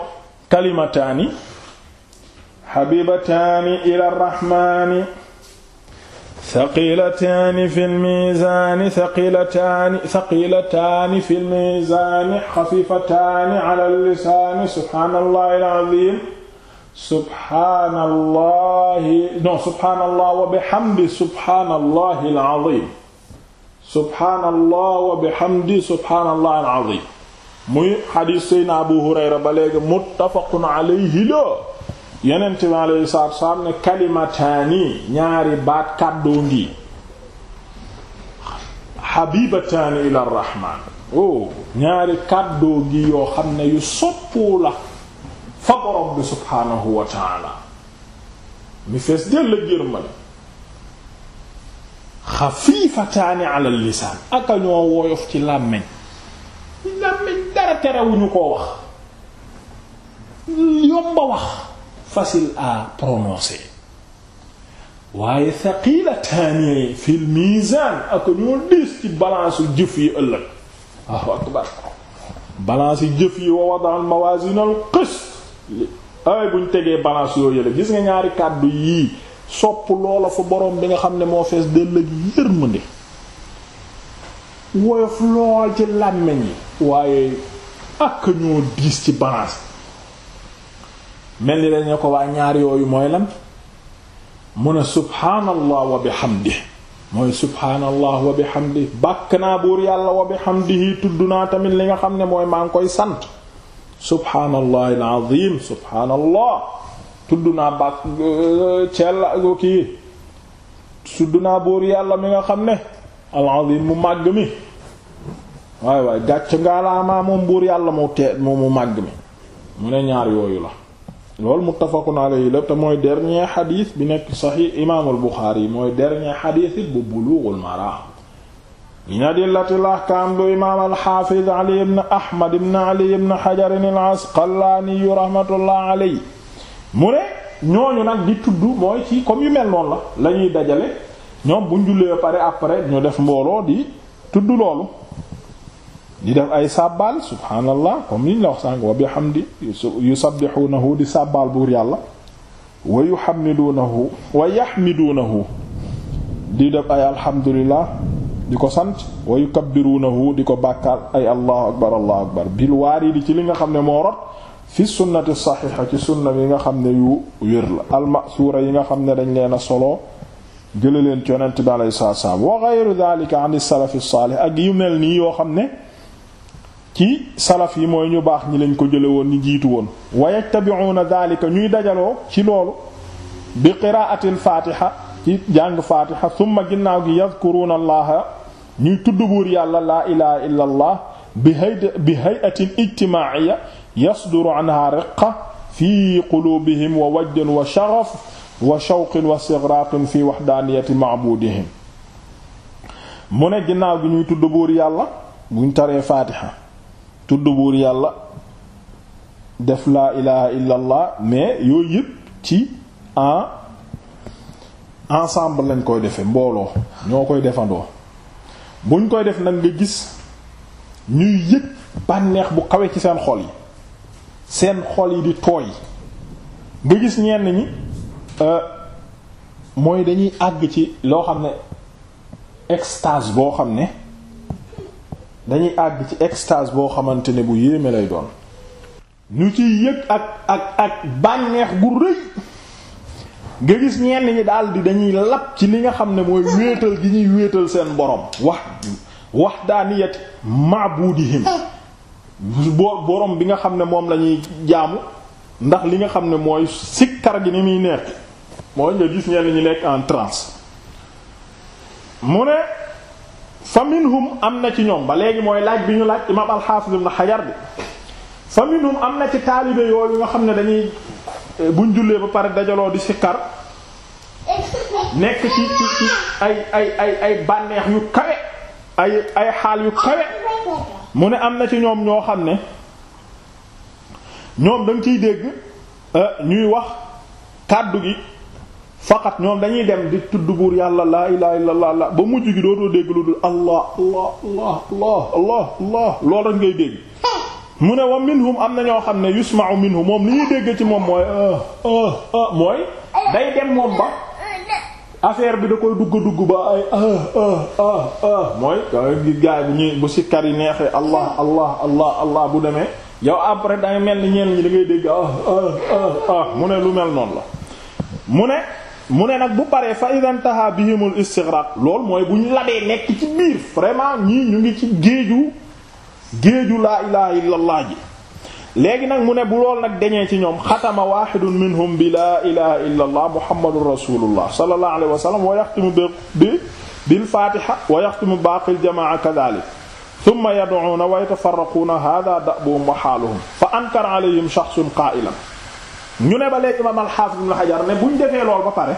kalimataani xabibataani ila rahmaani saqilataani fi lmiizaani saqilataani saqilataani fi lmiizaani xafifataani ala lisaani subhaanallahi alazim subhaanallahi non subhaanallah wa bihamdi subhaanallahi al-azim subhaanallah wa bihamdi subhaanallahi al-azim muy xadiis Seydina Abu Hurayra ba léegi muttafaqun alayhi la yeneen bi alayhi salaatu wasalaam ne kalimataani ñaari baat kàddoo ngi habibataani ila rahmaan oh ñaari kàddoo ngi yoo xam ne yu soppoo la fa borom bi subhaanahu wa mi fees dell ak yërmande xafiifataani ala lisaan ak ñoo woyof ci làmmiñ làmmiñ dara terewuñu koo wax yomba wax facile à prononcer waaye thaqilataani fil miizaan ak ñoo diis balance jëf yi ëllëg akbar balance jëf yi wa wada'al mawaazinal qist ay buñ tegee balance yooyu la gis nga ñaari kàddu yii sopp loola fa borom bi nga xam ne moo fees dell ak yërmande woyof lool ci làmmiñ yi waaye ak ñoo diis ci balance mel ni dañ ko waa ñaar yooyu mooy lan mu ne subhaanallah wa bihamdi mooy subhaanallah wa bihamdi bàkk naa buur yàlla wa bihamdihi tudd naa tamit li nga xam ne mooy maa ngi koy sant subhaanallah al-azim subhaanallah tudd naa bàkk ak euh, euh, kii tudd naa buur yàlla mi nga xam ne al-azim mu màgg mi waaye waay gàcc ngaa laa maa moom buur yàlla mu tee mu màgg mi mu ne ñaar yooyu la loolu muttafaqun alayhi la te mooy dernier xadiis bi nekk saxiix imaamul Buxaari yi mooy dernier xadiis bu Buluuxul Maraam min adillatil ahkaam bu imaam alxaafiz ali ibn ahmad ibn ali ibn xajarin al asqalaani rahmatullah aley mu ne ñooñu nag di tudd mooy ci comme yu mel noonu la la dajale ñoom buñ jullee pare après ñu def mbooloo di tudd loolu di def ay sàbbaal subhaanallah comme liñ la wax sànq wa bihamdi yusabbihuunahu di sàbbaal buur yàlla wa yuhamiduunahu wa yaxmiduunahu di def ay alhamdulillah di ko sant wa yukabbiruunahu di ko bàkkaal ay allahu akbar allahu akbar bil waaridi ci li nga xam ne moo rot fi sunnati saxiixa ci sunna yi nga xam ne yu wér la yi nga xam ne dañ leen a solo jële leen ci yonent bi alayhi salaatu salaam wa ghayru dhalika an ak yu mel nii yoo xam ne ci salaf mooy ñu baax ñi lañ ko jële woon ñi jiitu woon wa yajtabi'uuna dhalika ñuy dajaloo ci loolu bi qiraa'atil faatixa ci jàng faatixa thumma ginnaaw gi yadhkuruuna allaha ñuy tudd buur yàlla la ilaha illa la bi hay bi hayatin ijtimaaiya yasduru anha riqa fi qulubihim wa wajdan wa sharaf wa shawqin wa istigraqin fi wahdaniyati ma'budihim mu ne ginnaaw gi ñuy tudd buur yàlla buñ taree faatiha tudd buur yàlla def laa ilaha illa allah mais yooyu yëpp ci en ensemble lañ koy defee mbooloo ñoo koy defandoo buñ koy def nag nga gis ñuy yëg bànneex bu xawe ci seen xol yi seen xol yi di tooy nga gis ñenn ñi euh, mooy dañuy àgg ci loo xam ne extase boo xam ne dañuy àgg ci extase boo xamante ne bu yéeme lay doon ñu ciy yëg ak ak ak bànneex gu rëy nga gis ñenn ñi daal di dañuy lap ci li nga xam ne mooy wéetal gi ñuy wéetal seen borom wax wahdaniyat ma'budihim boo borom bi nga xam ne moom la ñuy jaamu ndax li nga xam ne mooy sikkar gi ni muy neex mooy nga gis ñenn ñi nekk en transe mu ne fa minhum am na ci ñoom ba léegi mooy laaj bi ñu laaj imam al-Hafiz ibn Hajar bi fa minhum am na ci taalibe yooyu nga xam ne dañuy Eh, bu jullee ba pare dajaloo di sikkar nekk ci ci ay ay ay bànneex yu kawe ay ay xaal yu kawe mu ne am na ci ñoom ñoo xam ne ñoom danga ciy dégg eh, ñuy wax kàddu gi faqat ñoom dañuy dem di tudd buur yàlla laa ilaha illa allah ba mujj gi dootoo dégg lu dul allah allah allah allah allah loolu ngay dégg mu ne wa minhum am na ñoo xam ne yusma'u minhu moom li ñuy dégg ci moom mooy euh, euh, euh, mooy day dem moom ba affaire bi da koy dugg dugg ba ay mooy gaay bu ñuy bu sikkar yi neexee allah allah allah allah bu demee yow après dangay mel ni ñeen ñi da dégg mu ne lu mel noonu la mu ne mu ne nag bu paree fa bi bihimul istighraq lool mooy bu ñu labee nekk ci biir vraiment ñii ñu ngi ci géeju géeju laa ilaha illallah ji léegi nag mu ne bu lool nag dañee ci ñoom xatama waxidun minhum bi laa ilaha illallah muhammadun rasulullah sallallahu alayhi wa sallam wa yaxtimu bi bil fatiha wa yaxtimu baaqil jamaa kadalik thumma yad'una wa yatafarraquuna hada da'buhum wa xaaluhum fa ankara alayhim shaxsun qaa'ilan ñu ne ba léegi imaam al-Hafiz ibn Hajar ne buñ defee lool ba pare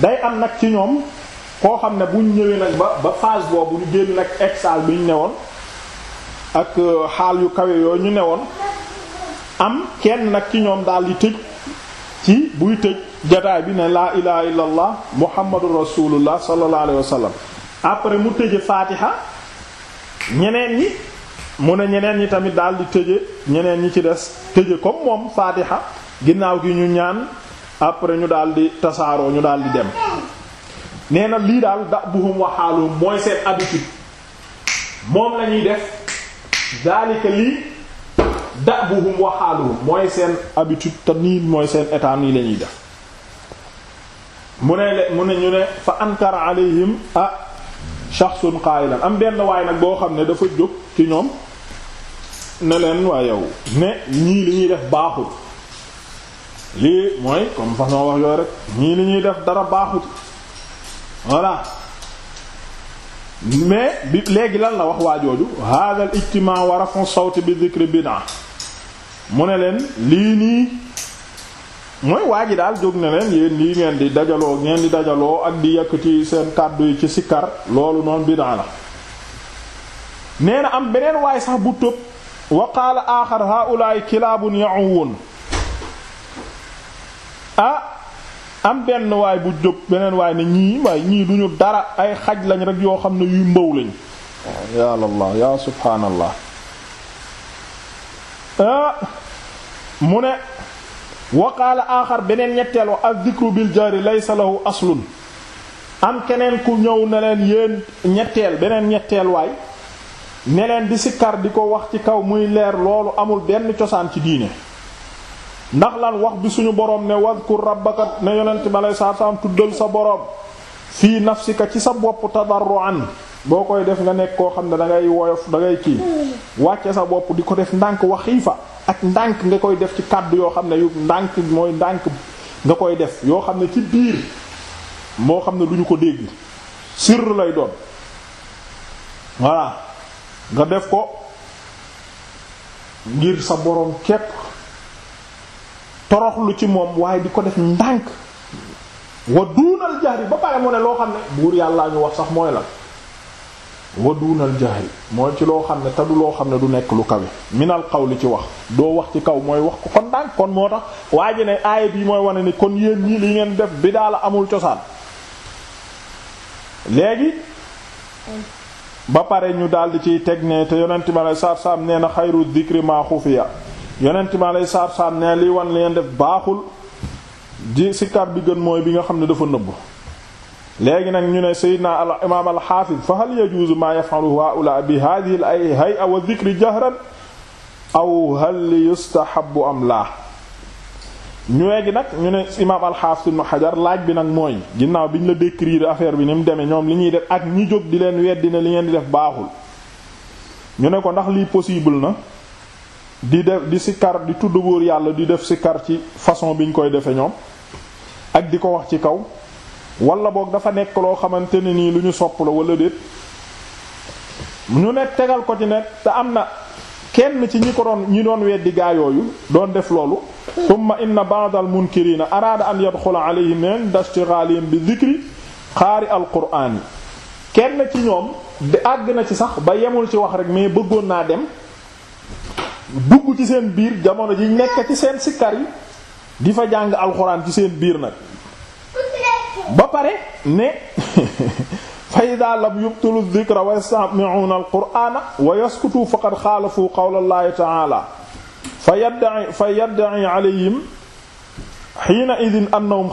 day am nag ci ñoom koo xam ne buñ ñëwee nag ba ba phase boobu ñu génn nag exal bi ñu newoon ak euh, xaal yu kawe yooyu ñu newoon am kenn nag ci ñoom daal di tëj ci buy tëj jataay bi ne laa ilaha illa allah muhammadu rasulullah sallallahu alayhi wa sallam après mu tëje faatiha ñeneen ñi mu ne ñeneen ñi tamit daal di tëje ñeneen ñi ci des tëje comme moom faatiha ginnaaw gi ñu ñaan après ñu daal di tasaaroo ñu daal di dem nee na lii daal da'buhum wa haaluhum mooy seen habitude moom lañuy def daalika lii da'buhum wa haaluhum mooy seen habitude te nii mooy seen état yi la ñuy def mu ne le mu ne ñu ne fa ankara alayhim ah shakhsun qaa'ilan am benn waay nag boo xam ne dafa jóg ci ñoom ne leen waa yow ne ñii li ñuy def baaxul lii mooy comme façon wax yooyu rek ñii li ñuy def dara baaxul voilà mais bi léegi lan la wax waa jooju hada al ijtima wa bi dhikri bid'a mu ne leen lii nii mooy waa ji daal jóg ne leen yéen lii ngeen di dajaloo ngeen di dajaloo ak di yëkkati seen kàddu yi ci sikkar loolu noonu bid'a la nee am beneen waay sax bu tëb wa qaala aaxar haa'ulaa'i kilaabun ya'uwun ah am benn waay bu jóg beneen waay ne ñii waay ñii duñu dara ay xaj lañ rek yoo xam ne yuy mbaw lañ ya Allah ya subhaanallah ah, mu ne waqaala aaxar beneen ñetteel wa addikru bil jaari laysa lahu aslun am keneen ku ñëw ne leen yéen ñetteel beneen ñetteel waay ne leen di sikkar di ko wax ci kaw muy leer loolu amul benn cosaan ci diine ndax lan wax bi suñu boroom ne ku rabbaka ne yonent bi alei saatu salaam tuddal sa boroom fii nafsika ci sa bopp tadarruan boo koy def nga nekk koo xam ne dangay ngay woyof da ngay kii wàcce sa bopp di ko def ndànk waxiifa ak ndànk nga koy def ci kàddu yoo xam ne yu ndànk mooy ndànk nga koy def yoo xam ne ci biir moo xam ne duñu ko dégg sirr lay doon voilà nga def ko ngir sa boroom képp toroxlu ci moom waaye di ko def ndànk wa duunal jahri ba pare mu ne loo xam ne buur yàllaa ñu wax sax mooy la wa duunal jahri mooy ci loo xam ne te du loo xam ne du nekk lu kawe minal li ci wax doo wax ci kaw mooy wax ko kon ndànk kon moo tax waa ji ne aaya bi mooy wane ni kon yéen ñii li ngeen def bi daala amul cosaan léegi ba pare ñu daldi ciy teg ne te yonent ma ne saab saab nee na xayru dikri xufiya yonent mi aleyhi salaatu salaam ne li wan leen def baaxul di bi gën mooy bi nga xam ne dafa nëbbu léegi nag ñu ne Seydina al imaam al xaafis fa hal yajuuzu maa yaf'alu haa'ulaa'i bi haadihi ay hay'a wa dhikri jahran aw hal yustahabbu am laa ñu léegi nag ñu ne imaam al xaafis ibn Hajar laaj bi nag mooy ginnaaw bi ñu la décrire affaire bi ni mu demee ñoom li ñuy def ak ñu jóg di leen weddi ne li ngeen di def baaxul ñu ne ko ndax lii possible na. di def di sikkar di tudd buur yàlla di def sikkar ci façon bi ñu koy defee ñoom ak di ko wax ci kaw wala boog dafa nekk loo xamante ne nii lu ñu sopp la wala déet ñu nekk tegal ko ci ne te am na kenn ci ñi ko doon ñi doon weddi gaa yooyu doon def loolu thumma inna ba'd al munkirina araada an yadxula alayhim min dashtighalihim bi dhikri xaari al qur'aan yi kenn ci ñoom di àgg na ci sax ba yemul ci wax rek mais bëggoon naa dem dugg ci seen biir jamono ji nekk ci seen sikkar yi fa jàng alxuraan ci seen biir nag ba pare ne [LAUGHS] fa ida lam yubtilu dikra wa yastami'una alqur'ana wa yaskutu faqad xaalafu qawla allahi ta'ala fa yadda'i fa yadda'i alayhim xiina idin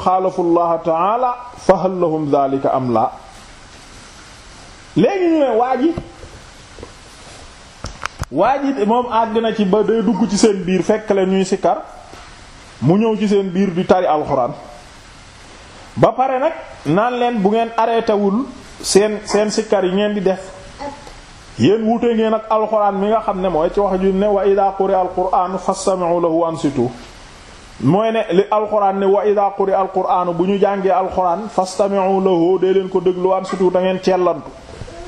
xaalafu allaha ta'ala fa hal lahum dhalika am la léegi ñu ne waaji waa ji moom àgg na ci ba day dugg ci seen biir fekk leen ñuy sikkar mu ñëw ci seen biir di tari alxuraan ba pare nag naan leen bu ngeen arrêté wul seen seen sikkar yi ngeen di def yéen wuute ngeen ak alxuraan mi nga xam ne mooy ci wax ju ne wa ida quri alquraan fastami'u lahu wansitu mooy ne li alxuraan ne wa ida quri alquraan bu ñu jàngee alxuraan fastami'u lahu dee leen ko déglu wansitu da ngeen cellantu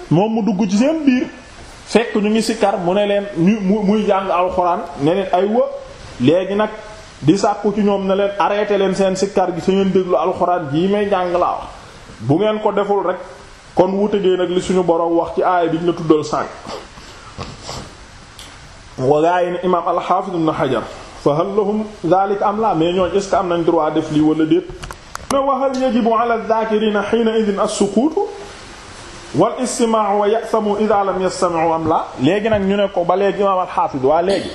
moom mu dugg ci seen biir fekk ñu ngi sikkar mu ne leen ñu muy jàng alxuraan ne leen ay wa léegi nag di sàkku ci ñoom ne leen arrêté leen seen sikkar gi su ngeen déglu alxuraan jii may jàng laa bu ngeen ko deful rek kon wuute gee nag li suñu borom wax ci aaya bi ñu la tuddal sànq wagaa yi ne imaam alxaafis ibn xajar fa hal lahum daalika am laa mais ñooñ est ce que am nañ droit def lii wala déet ne waxal yajibu ala zaakirina xiina idin as-sukuutu wal istimaaw wa yasamu ida lam yastami'u am la léegi nag ñu ne ko ba léegi imaam al-Hafiz waa léegi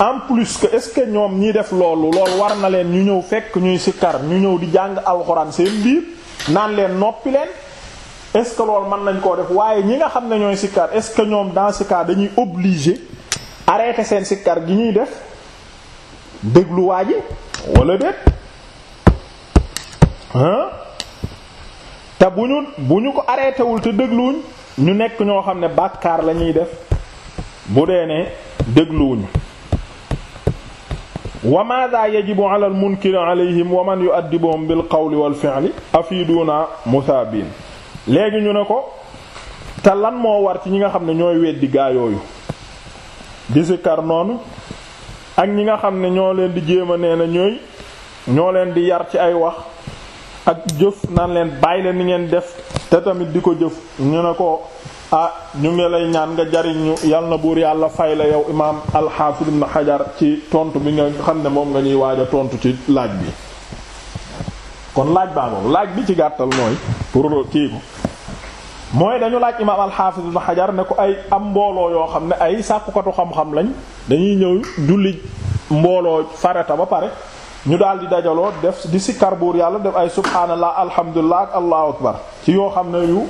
en plus que est-ce que ñoom ñi def loolu loolu war na leen ñu ñëw fekk ñuy sikkar ñu ñëw di jàng alxuraan seen biir naan leen noppi leen est-ce que mën nañ koo def waaye ñi nga xam ne ñooy sikkar est-ce que ñoom dans ce dañuy obligé arrêter seen sikkar gi ñuy def déglu waa ji wala déet te bu ñu bu ko arrêté wul te dégluwuñ ñu nekk ñoo xam ne bàkkaar la ñuy def bu dee ne dégluwuñu wa ji yajibu ala al munkiri alayhim wa man yu'addibuhum bil qawli wal fi'li afiduna musaabin léegi ñu ne ko te lan moo war ci ñi nga xam ne ñooy weddi gaa yooyu di sikkar noonu ak ñi nga xam ne ñoo leen di jéem a nee na ñooy ñoo leen di yar ci ay wax ak jëf naa leen bàyyi leen ni ngeen def te tamit di ko jëf ñu ne ko ah ñu ngi lay ñaan nga jariñu yal na buur yàlla fay la yow imaam alxaafid ibn xajar ci tontu bi nga xam ne moom nga ñuy waaj tontu ci laaj bi kon laaj baa moom laaj bi ci gàttal mooy pour kii ko mooy dañu laaj imaam alxaafid ibn xajar ne ko ay am mbooloo yoo xam ne ay sàkkukatu xam-xam lañ dañuy ñëw julli mbooloo farata ba pare ñu daal di dajaloo def di sikkar yàlla def ay subhaanallah alhamdulilah ak allahu akbar ci yoo xam ne yu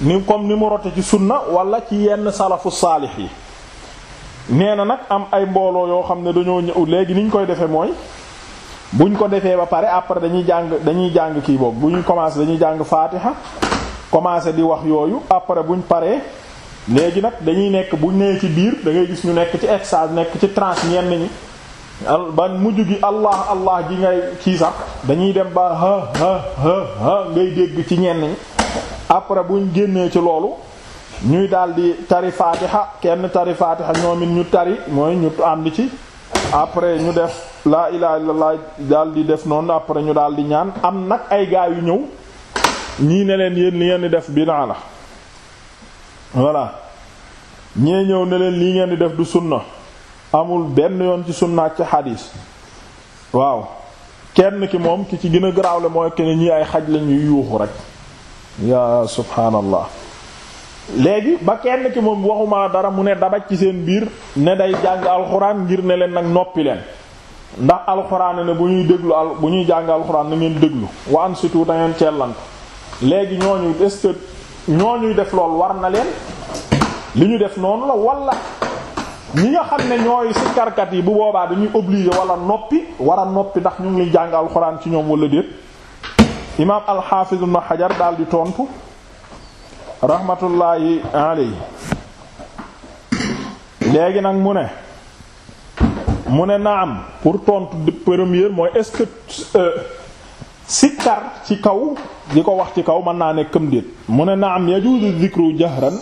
ni comme ni mu rote ci sunna wala ci yenn salafu saalix yi nee na nag am ay mbooloo yoo xam ne dañoo ñëw léegi ni ñu koy defee mooy buñ ko defee ba pare après dañuy jàng dañuy jàng kii boobu bu ñu commencé dañuy jàng faatiha commencé di wax yooyu après ñu paree léegi nag dañuy nekk bu nee ci biir da ngay gis ñu nekk ci extage nekk ci transe ñenn ñi al ban mujj gi allah allah ji ngay kii dañuy dem ba ha ha ha ha ngay dégg ci ñenn ñi après buñ génnee ci loolu ñuy daldi tari faatiha kenn tari faatiha ñoomit ñu tari mooy ñu ànd ci après ñu def laa ilaha illallah daldi def noonu après ñu daldi ñaan am nag ay gaa yu ñëw ñii ne leen yéen li ngeen di def bidaa la voilà ñee ñëw ne leen lii ngeen di def du sunna amul benn yoon ci sunna ci xadiis waaw kenn ki moom ki ci gën a garaawle mooy que ne ñi ay xaj la ñuy yuuxu rek yaa subhaanallah léegi ba kenn ki moom waxuma dara mu ne dabaj ci seen biir ne day jàng alxuraan ngir ne leen nag noppi leen ndax alxuraan ne bu ñuy déglu al bu ñuy jàng alxuraan na ngeen déglu wa an surtout da ngeen cellant léegi ñooñu est-ce que ñooñuy def lool war na leen li ñu def noonu la walla ñi nga xam ne ñooy sikkarkat yi bu boobaa dañuy obligé wala noppi war noppi ndax ñu ngi liy jàng alxuraan ci ñoom wala déet imaam alxaafiz ibn xajar daal di tontu rahmatullahi alayhi léegi nag mu ne mu ne naam pour tontu première mooy est-ce que euh, sikkar ci kaw di ko wax ci kaw mën naa ne këm déet mu ne naam yajuzu zikru jahran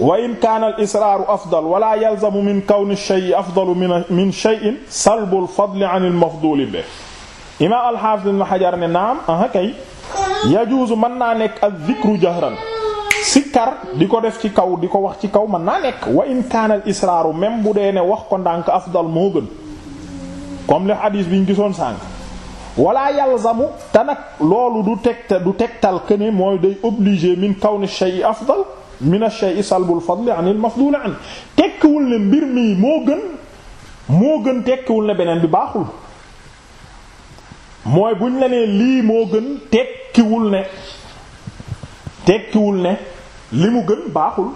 wa in kaana al israaru afdal wala yalzamu min kawni shay'i afdalu min shay'in salbul fadli an al mafduli al-Haafiz ibn nekk ak zikru jahran di ko def ci kaw di ko wax ci kaw mën naa nekk wa in kaana al israaru même bu dee ne wax ko ndànk afdal moo gën comme le hadith bi ñu gisoon sànq wala yalzamu te nag loolu du tegta du tegtal que ne mooy obligé min kawni shay'i afdal min ash-shay'i salbul fadli anil mafdul an tekkiwul ne mbir mii moo gën moo gën tekkiwul ne beneen bi baaxul mooy buñ la nee lii moo gën tekkiwul ne tekkiwul ne li mu gën baaxul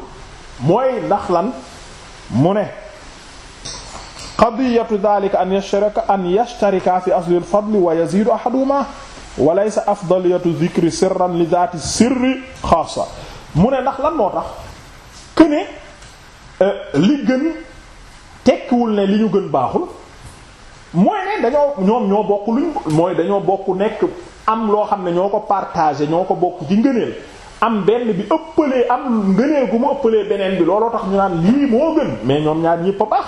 mooy ndax lan mu ne qadiyatu dhalika an yashtarika an yashtarika fi asli al-fadli wa yazidu ahaduhuma wa laysa afdaliyatu dhikri sirran li dhati sirri khassa mu ne ndax lan moo tax que ne euh, li gën tekkiwul ne li ñu gën baaxul mooy ne dañoo ñoom ñoo bokk luñ mooy dañoo bokk nekk am loo xam ne ñoo ko partagé ñoo ko bokk ci ngëneel am benn bi ëppalee am ngëneel gu mu ëppalee beneen bi looloo tax ñu naan lii moo gën mais ñoom ñaar ñépp a baax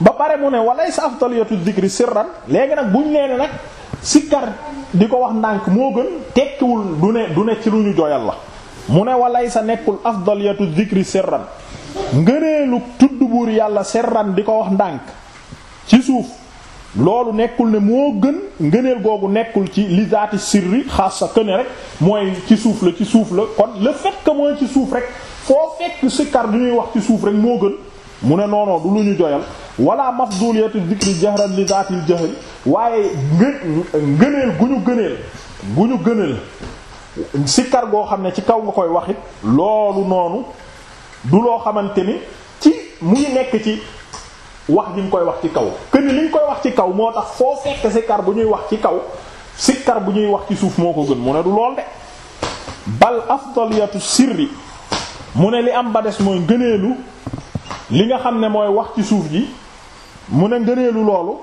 ba pare mu ne walay sa afdaliyatu dhikri sirran léegi nag buñ nee ne nag sikkar di ko wax ndànk moo gën tekkiwul du ne du ne ci lu ñu jooyal la mu ne walay sa nekkul afdaliyatu zikri sirran ngëneelu tudd buur yàlla sirran di ko wax ndànk ci suuf loolu nekkul ne moo gën ngëneel googu nekkul ci li zaati sirri xaas sa këne rek mooy ci suuf la ci suuf la kon le fait mooy ci suuf rek foo fekk sikkar du ñuy wax ci suuf rek moo gën mu ne noonoo du lu ñu joyal wala mafduliyatu dhikri jahran li zaatil jahri waaye ngëneel gu ñu gëneel gu ñu gëneel sikkar goo xam ne ci kaw nga koy waxit loolu noonu du loo xamante ni ci muy nekk ci wax gi nga koy wax ci kaw këni li nga koy wax ci kaw moo tax foo fekk sikkar bu ñuy wax ci kaw sikkar bu ñuy wax ci suuf moo ko gën mu ne du lool de bal afdaliyatu sirri mu ne li am ba des mooy ngëneelu li nga xam ne mooy wax ci suuf ji mu ne ngëneelu loolu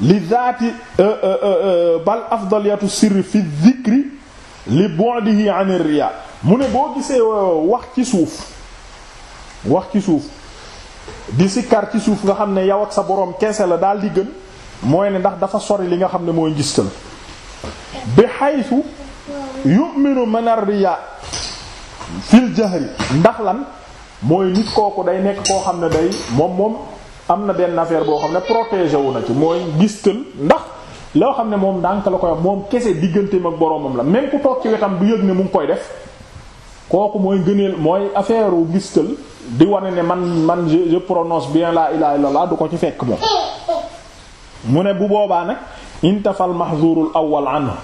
li zaati euh, euh, euh, bal afdaliyatu sirri fi dhikri li bu'dihi 'anir riya mu ne boo gisee wax ci suuf wax ci suuf di sikkar ci suuf nga xam ne yow ak sa boroom keese la daal di gën mooy ne ndax dafa sori li nga xam ne mooy ngistal bi haythu yu'minu man ar-riya fil jahri ndax lan mooy nit kooku day nekk koo xam ne day moom moom am na benn affaire boo xam ne protégé wu na ci mooy gistal ndax loo xam ne moom ndànk la koy moom kese digganteem ak boromam la même ku ci wetam du yëg ne mu ngi koy def kooku mooy gënee mooy affaire wu gistal di wane ne man man je prononce bien la ilaha illallah du ko ci fekk moom. mu ne bu boobaa nag intafal mahzurul awwal anhu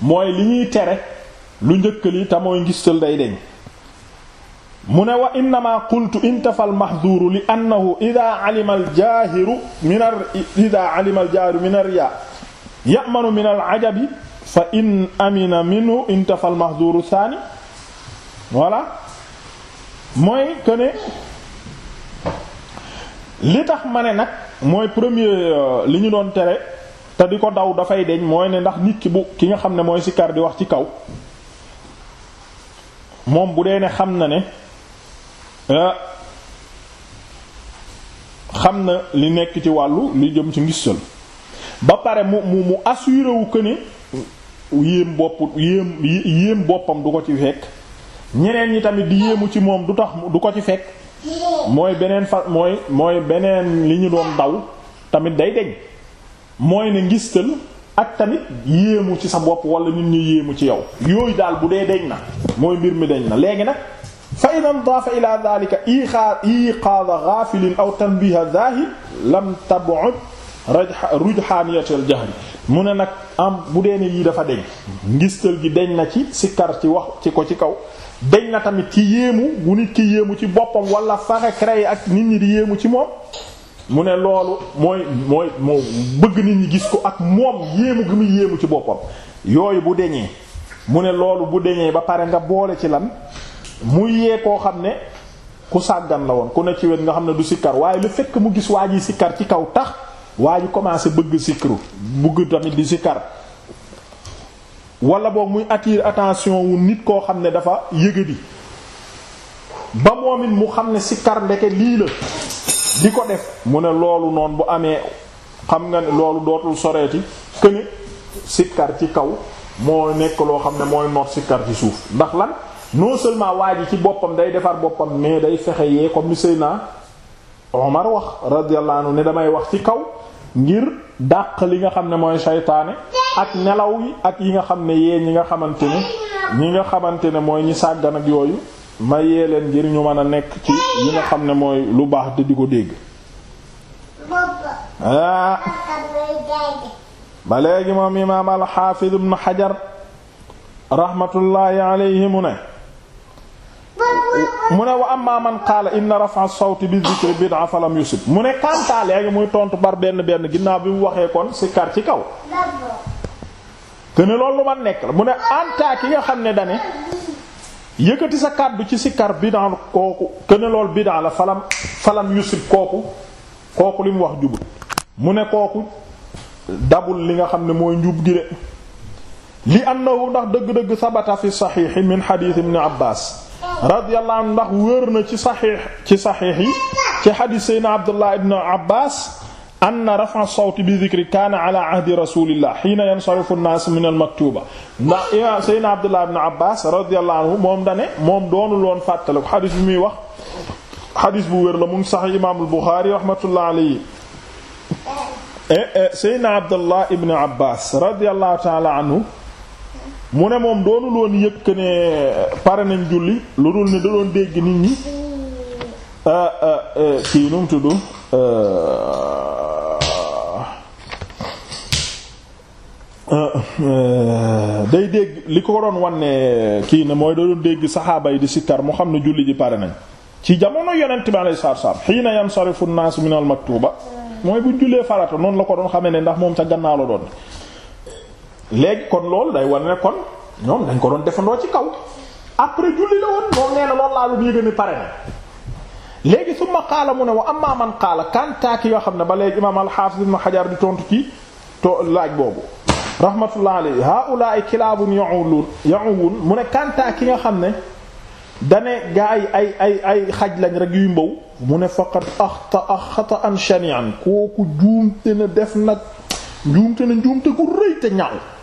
mooy li ñuy tere lu njëkk li te mooy ngistal day deñ mu ne wa innama qultu intafa almaxduuru li annahu ida alima aljaahiru min ida alima aljaahiru min ar-riyaa ya'manu min al-ajabi fa in amina minhu intafa almaxduuru saani voilà mooy que li tax ma ne nag mooy premier euh, li ñu doon tere te di ko daw dafay deñ mooy ne ndax nikki bu ki nga xam ne mooy si sikar di wax ci kaw moom bu dee ne xam na ne Ah. xam na li nekk ci wàllu li jëm ci ngistal ba pare mu mu mu assuré wu que ne yéem bopp yéem boppam du ko ci fekk ñeneen ñi tamit di yéemu ci moom du tax du ko ci fekk mooy beneen fa mooy beneen li ñu doon daw tamit day deñ mooy ne ngistal ak tamit yéemu ci sa bopp wala ñu ñi yéemu ci yow yooyu daal bu dee deñ na mooy mbir mi deñ na léegi nag fa in daafa ila dhalika iqaada ghafilin aw tanbiha zahid lam tab'ud rujhaaniyatal jahri mu ne nag am bu dee yii dafa deñ tël gi deñ na ci sikkar ci wax ci ko ci kaw deñ na tamit ci yéemu bu nit ki yéemu ci boppam wala faxe créé ak nit ñi di yéemu ci moom mu ne loolu mooy mooy moo bëgg nit ñi gis ko ak moom yéemu gi mu yéemu ci boppam yooyu bu deñee mu ne loolu bu deñee ba pare nga boole ci lan muy yee koo xam ne ku sàggan la woon ku ne ci wet nga xam ne du sikkar waaye lu fekk mu gis waa ji sikkar ci kaw tax waa ji commencé bëgg sikkaru bëgg tamit di sikkar wala boog muy attire attention wu nit koo xam ne dafa yëgadi ba moom mu xam ne sikkar ndeke lii la di ko def mu ne loolu noon bu amee xam nga ne loolu dootul soreeti këne sikkar ci kaw moo nekk loo xam ne mooy noot sikkar ci suuf ndax lan non seulement waa ji ci boppam day defar boppam mais day fexe yee comme ni Seydina Omar wax radiyallahu anhu ne damay wax ci kaw ngir dàq li nga xam ne mooy saytaane ak nelaw yi ak yi nga xam ne yee ñi nga xamante ne ñi nga xamante ne mooy ñi sàggan ak yooyu ma yee leen ngir ñu mën a nekk ci yi nga xam ne mooy lu baax te di ko dégg. ah. ba léegi moom imaam al-Hafiz ibn Hajar rahmatullahi alayhi mu ne. mu ne wa amma man qaala inna rafa sawti bi dhikri bid'a falam yusib mu ne kantaa léegi muy tontu bar benn benn ginnaaw bi mu waxee koon si kar ci kaw te ne loolu man nekk la mu ne antaa ki nga xam ne dane yëkkati sa kàddu ci sikkar bid'a kooku kene lool bid'a la falam falam yusib kooku kooku li mu wax jubut mu ne kooku dabul li nga xam ne mooy njub gi de li annahu ndax dëgg-dëgg sabata fi saxiixi min xadiis ibn Abbaas radiyallahu anhu ndax wër na ci saxiix ci saxiix yi ci xadiis seydna abdullah ibn abbas anna rafa sawti bi dhikri kaana ala ahdi rasulillah xiina yansarifu an-naas min al-maktuba ndax imaam seydna abdullah ibn abbas radiyallahu anhu moom dane moom doonul woon fàttale ko xadiis bi muy wax xadiis bu wér la mu ngi sax imaamul buxaari rahmatullah alayhi eh, eh, seydna abdullah ibn abbas radiyallahu ta'ala anhu mu ne moom doonul woon yëg que ne euh, pare nañ julli lu dul ne da doon dégg nit ñi euh, euh, kii nu mu tudd day dégg li ko doon wan ne kii ne mooy da doon dégg saxaaba yi di sikkar mu xam ne julli ji pare nañ ci jamono yonent bi alayhi salaatu salaam hiina yansarifu an-naas min al-maktuba mooy bu jullee farata noonu la ko doon xamee ne ndax moom ca gannaaw la doon. léegi kon loolu day war ne kon ñoom dañ ko doon defandoo ci kaw après julli la woon moom nee na loolu laa doon yëgën pare na léegi summa qaala mu ne wa amma man qaala kantaa ki yoo xam ne ba léegi imaam al-Hafiz ibn Hajar di tontu ci to laaj boobu rahmatullah alayhi haa'ulaa'i kilaabun ya'uluun ya'uwun mu ne kantaa ki nga xam ne dane gaa yi ay ay ay xaj lañ rek yuy mbaw mu ne faqad axta xata'an shani'an kooku juumte na def nag juumte na juumte ku rëy te ñaaw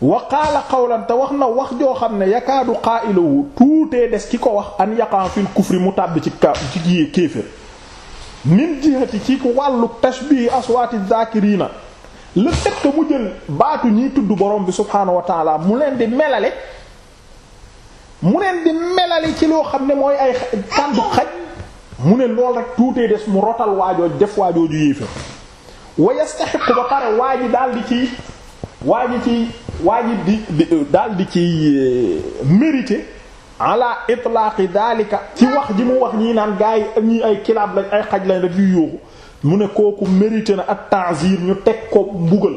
wa qaala qawlan te wax na wax joo xam ne yakaadu qaa'iluhu tuutee des ci ko wax an yaqan fil kufri mu tàbbi ci ka ci kii kéefër min jihati ci wàllu tashbihi aswaati zaakiriina le fait que mu jël baatu ñiy tudd borom bi subhaanahu wa mu leen di melale mu leen di melale ci loo xam ne mooy ay tàndu xaj mu ne lool rek tuutee des mu rotal waajooj def waajooju yéefër wa yastaxiqu ba pare waa ji ci waa ci waa ji di euh, daal di ciy euh, mérité ala itlaaqi daalika ci wax ji mu wax ñi naan gaa yi ak ñii ay kilaab lañ ay xaj lañ rek yu yóoxu mu ne kooku mérité na ak ta'zir ñu teg ko mbugal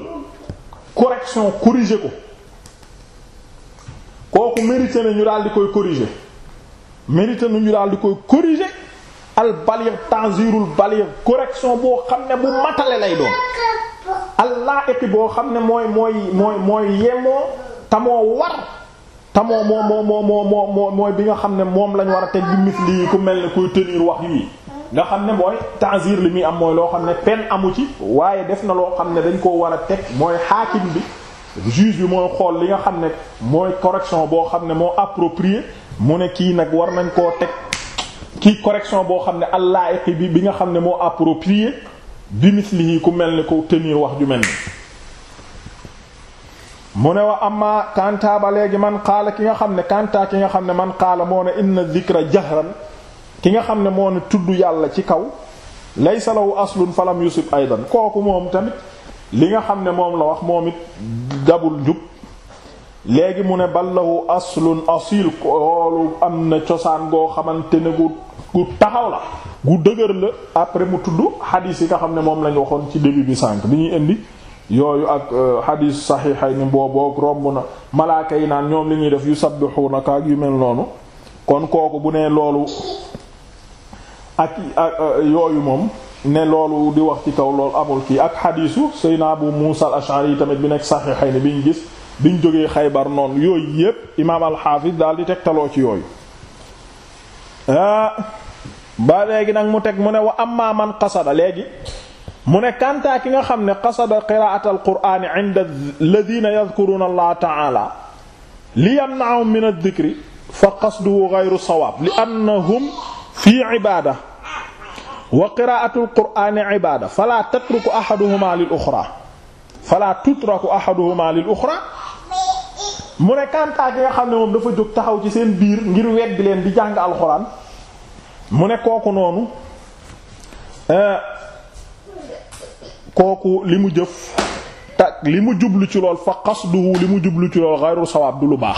correction corriger ko kooku mérité na ñu daal di koy corriger mérité na ñu daal di koy corriger al baligh ta'zirul baligh correction boo xam ne bu matale lay doon allaa'iqi boo xam ne mooy mooy mooy mooy yemoo te moo war te moo moo moo mooy bi nga xam ne moom lañ war a teg bi lii ku mel ne kuy tenir wax yii nga xam ne mooy ta'zir li muy am mooy loo xam ne peine amu ci waaye def na loo xam ne dañ koo war a teg mooy xaakim bi juge bi mooy xool li nga xam ne mooy correction boo xam ne moo approprié mu ne kii nag war nañ koo teg kii correction boo xam ne allaa'iqi bi bi nga xam ne moo approprié bi yi ku mel ni ku tenir wax ju mel ni mu ne wa amma kanta ba léegi man xaala ki nga xam ne kanta ki nga xam ne man xaala moo ne inna zikra jahran ki nga xam ne moo ne tudd yàlla ci kaw laysa lahu aslun falam yusib aydan kooku moom tamit li nga xam ne moom la wax moom it dabul njub léegi mu ne bal lahu aslun asil koolu am na cosaan goo xamante ne gu gu taxaw la gu dëgër la après bu tudd xadiis yi nga xam ne moom lañ waxoon ci début bi sànq bi ñuy indi yooyu ak euh, xadiis saxiixay ni booboog romb na malaaka yi naan ñoom li ñuy def yu sabbixuunaka ak yu mel noonu kon kooku bu nee loolu ak euh, yooyu moom ne loolu di wax ci kaw loolu amul kii ak xadiisu sayna abu muusa al ashari yi tamit bi nekk saxiixay ni biñ gis bi ñu jógee xaybar noonu yooyu yépp imaam alxaafis daal di tegtaloo ci yooyu euh, ba léegi nag mu teg mu ne wa amma man qasada léegi mu ne kantaa ki nga xam ne qasada qiraata alqurani inda alladina yadkuruna allah taala li yamnaahum min aldikri fa qasduhu gayru sawaab li annahum fi ibaada wa qiraatu alqurani ibaada fala tatruku ahaduhuma lil uxra fala tutraku ahaduhuma lil uxra mu ne kantaa ki nga xam ne moom dafa jóg taxaw ci seen biir ngir weddi leen di jàng alxuraan mu ne kooku noonu euh, kooku li mu jëf tak li mu jublu ci lool fa qasduhu li mu jublu ci lool xayru sawaab du lu baax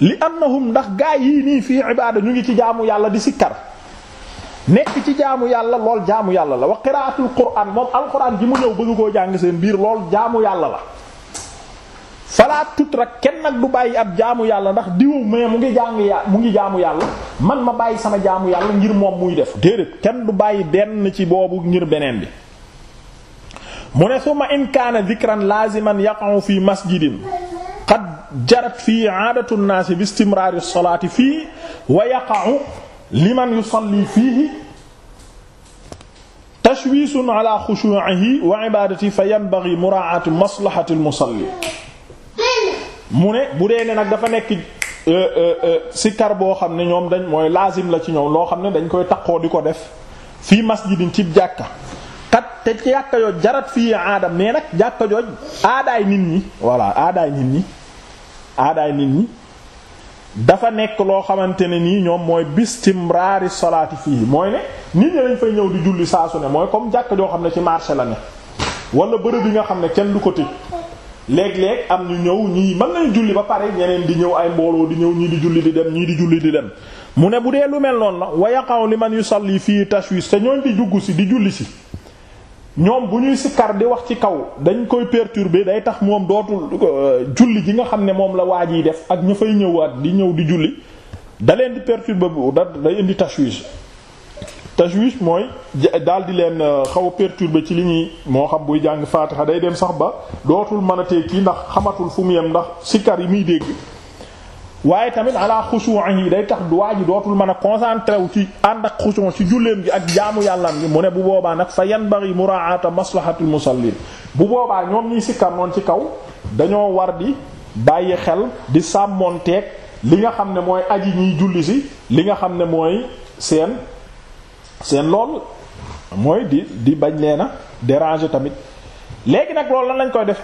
li annahum ndax gaa yii nii fii ibaada ñu ngi ci jaamu yàlla di sikkar nekk ci jaamu yàlla lool jaamu yàlla la wa qiraatul quraan moom alquran ji mu ñëw bëgg koo jàng seen biir lool jaamu yàlla la fala tutrak kenn nag du bàyyi ab jaamu yàlla ndax diwu mais mu mu ngi jaamu yàlla man ma bàyyi sama jaamu yàlla ngir moom muy def déedéet kenn du bàyyi benn ci boobu ngir beneen bi mu ne summa in kaana dhikran laziman yaqa'u fi masjidin qad jarat fii aadatu an-nas bi istimrari as-salati fii wa yaqa'u liman yusalli fihi tashwishun ala khushu'ihi wa ibadatihi fa yanbaghi mura'atu maslahati al-musalli mu ne bu dee ne nag dafa nekk euh, euh, euh, sikar boo xam ne ñoom dañ mooy laazim la ci ñoom loo xam ne dañ koy taqoo di ko def fii mas masjidin ci jàkka kat te ci jàkka jooj jarat fii aadam mais nag jàkka jooj aadaay nit ñi voilà aadaay nit ñi aadaay nit ñi dafa nekk loo xamante ne nii ñoom mooy bistimraari solaati fii mooy ne nit ñi lañ fay ñëw di julli saasu ne mooy comme jàkka joo xam ne ci marché la ne wala bërëb yi nga xam ne kenn du ko tëj léeg-léeg am ñu ñëw ñii mën nañu julli ba pare ñeneen di ñëw ay mbooloo di ñëw ñii di julli di dem ñii di julli di dem mu ne bu dee lu mel noon la wa yaqaw li man yusalli fii tashwis te ñooñ di jugg si di julli si ñoom bu ñuy sikkar di wax ci kaw dañ koy perturber day tax moom dootul euh, julli ji nga xam ne moom la waaj yi def ak ñu fay ñëwaat di ñëw di julli da leen di perturber bu da day indi tashwish tajwid mooy daal di leen euh, xaw a perturber ci li ñuy moo xam buy jàng faatixa day dem sax ba dootul mën a tekki ndax xamatul fu mu yem ndax sikar yi muy dégg waaye tamit ala xusuuan yi day tax duwaa ji dootul mën a concentré wu ci ànd ak xusuuan ci julleem bi ak jaamu yàllam gi mu ne bu boobaa nag fa yanbaghi muraata maslahatul musallin bu boobaa ñoom ñiy sikkar noonu ci kaw dañoo war di bàyyi xel di sàmmoonteeg li nga xam ne mooy yi ñiy julli si li nga xam ne mooy seen seen loolu mooy di di bañ leen na déranger tamit léegi nag loolu lan lañ koy def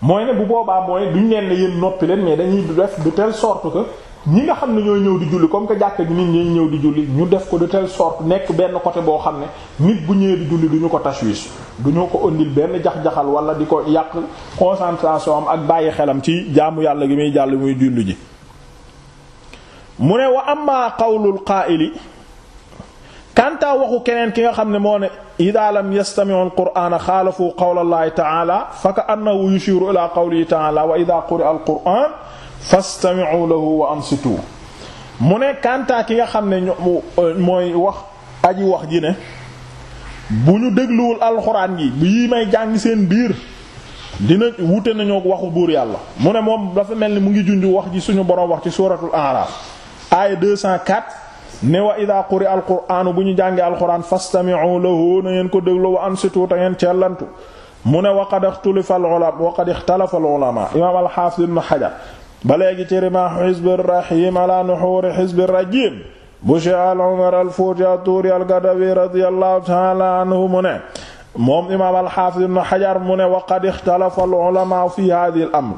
mooy ne bu boobaa mooy duñ leen ne yéen noppi leen mais dañuy def de telle sorte que ñi nga xam ne ñoo ñëw di julli comme que jàkk ji nit ñi ñëw di julli ñu def ko de telle sorte nekk benn côté boo xam ne nit bu ñëwee di julli du ko tashwish du ko ëndil benn jax-jaxal wala di ko yàq concentration am ak bàyyi xelam ci jaamu yàlla gi muy jàll muy julli ji mu ne wa amma qawlul kanta waxu keneen ki nga xam ne moo ne ida lam yastami'u al-qur'ana xaalafu qawla allahi ta'ala fa ka'annahu yushiru ila qawlihi ta'ala wa ida quri'a al-qur'an fastami'u lahu wa ansitu mu ne kanta ki nga xam ne euh, mooy wax aji wax ji ne bu ñu dégluwul alxuraan gi yi may jàng seen biir dina wute nañoo waxu buur yàlla mu ne moom dafa mel ni mu ngi junj wax ji suñu boroom wax ci suuratul a'raaf aaya 204 ne wa ida quri alqur'aanu bu ñu jàngee alqur'aan fastami'u lahu na ngeen ko déglu wa ansitu ta ngeen cellantu mu ne waqad ixtalafa al ulama waqad ixtalafa al ulama imaam al-Haafiz ibn Hajar ba léegi ci rimaahu Hizbir Rahiim ala nuhuuri Hizbir Rajiim bu al-Umar al-Fuuti at al-Gadawi radiyallahu ta'ala anhu mu moom imaam al-Haafiz ibn Hajar mu ne waqad ixtalafa al ulama fi haadha al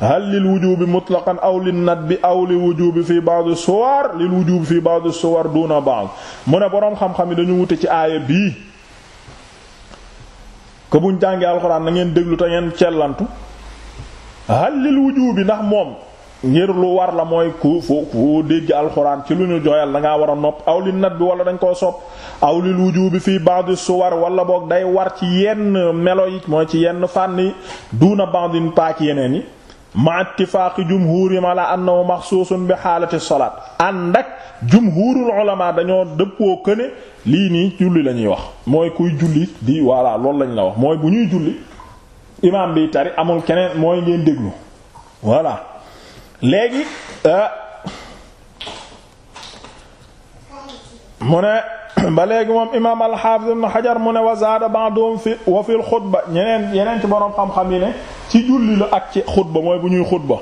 hal lil wujubi mutlaqan aw lin nadbi aw lil wujubi fi ba'd suwar lil wujubi fi ba'd suwar duna ba'd mu ne boroom xam-xam yi dañu wute ci aaya bii ko buñ jàngee alxuraan na ngeen déglu te ngeen cellantu hal lil bi ndax moom ngir lu war la mooy ku fu fu dégg alxuraan ci lu ñu jooyal da ngaa war a nopp aw li nat bi wala dañ koo sopp aw lil wujubi fii ba'd suwar wala boog day war ci yenn melo yi mooy ci yenn fànni duna ba'din paak yeneen yi ma ittifaaqi jumhuurihim ala annahu maxsuusun bi xaalati salaat ànd ak jumhuurul ulamaa dañoo dëppoo këne lii nii julli la ñuy wax mooy kuy julli di voilà loolu lañ la wax mooy bu ñuy julli imaam bi tari amul keneen mooy ngeen déglu voilà léegi euh, mu ne [CLEARS THROAT] ba léegi moom imaam al-Haafiz ibn Hajar mu ne wa zaada ba'duhum fi wa xutba ñeneen yeneen ci boroom xam-xam yi ne ci julli la ak ci xutba mooy bu ñuy xutba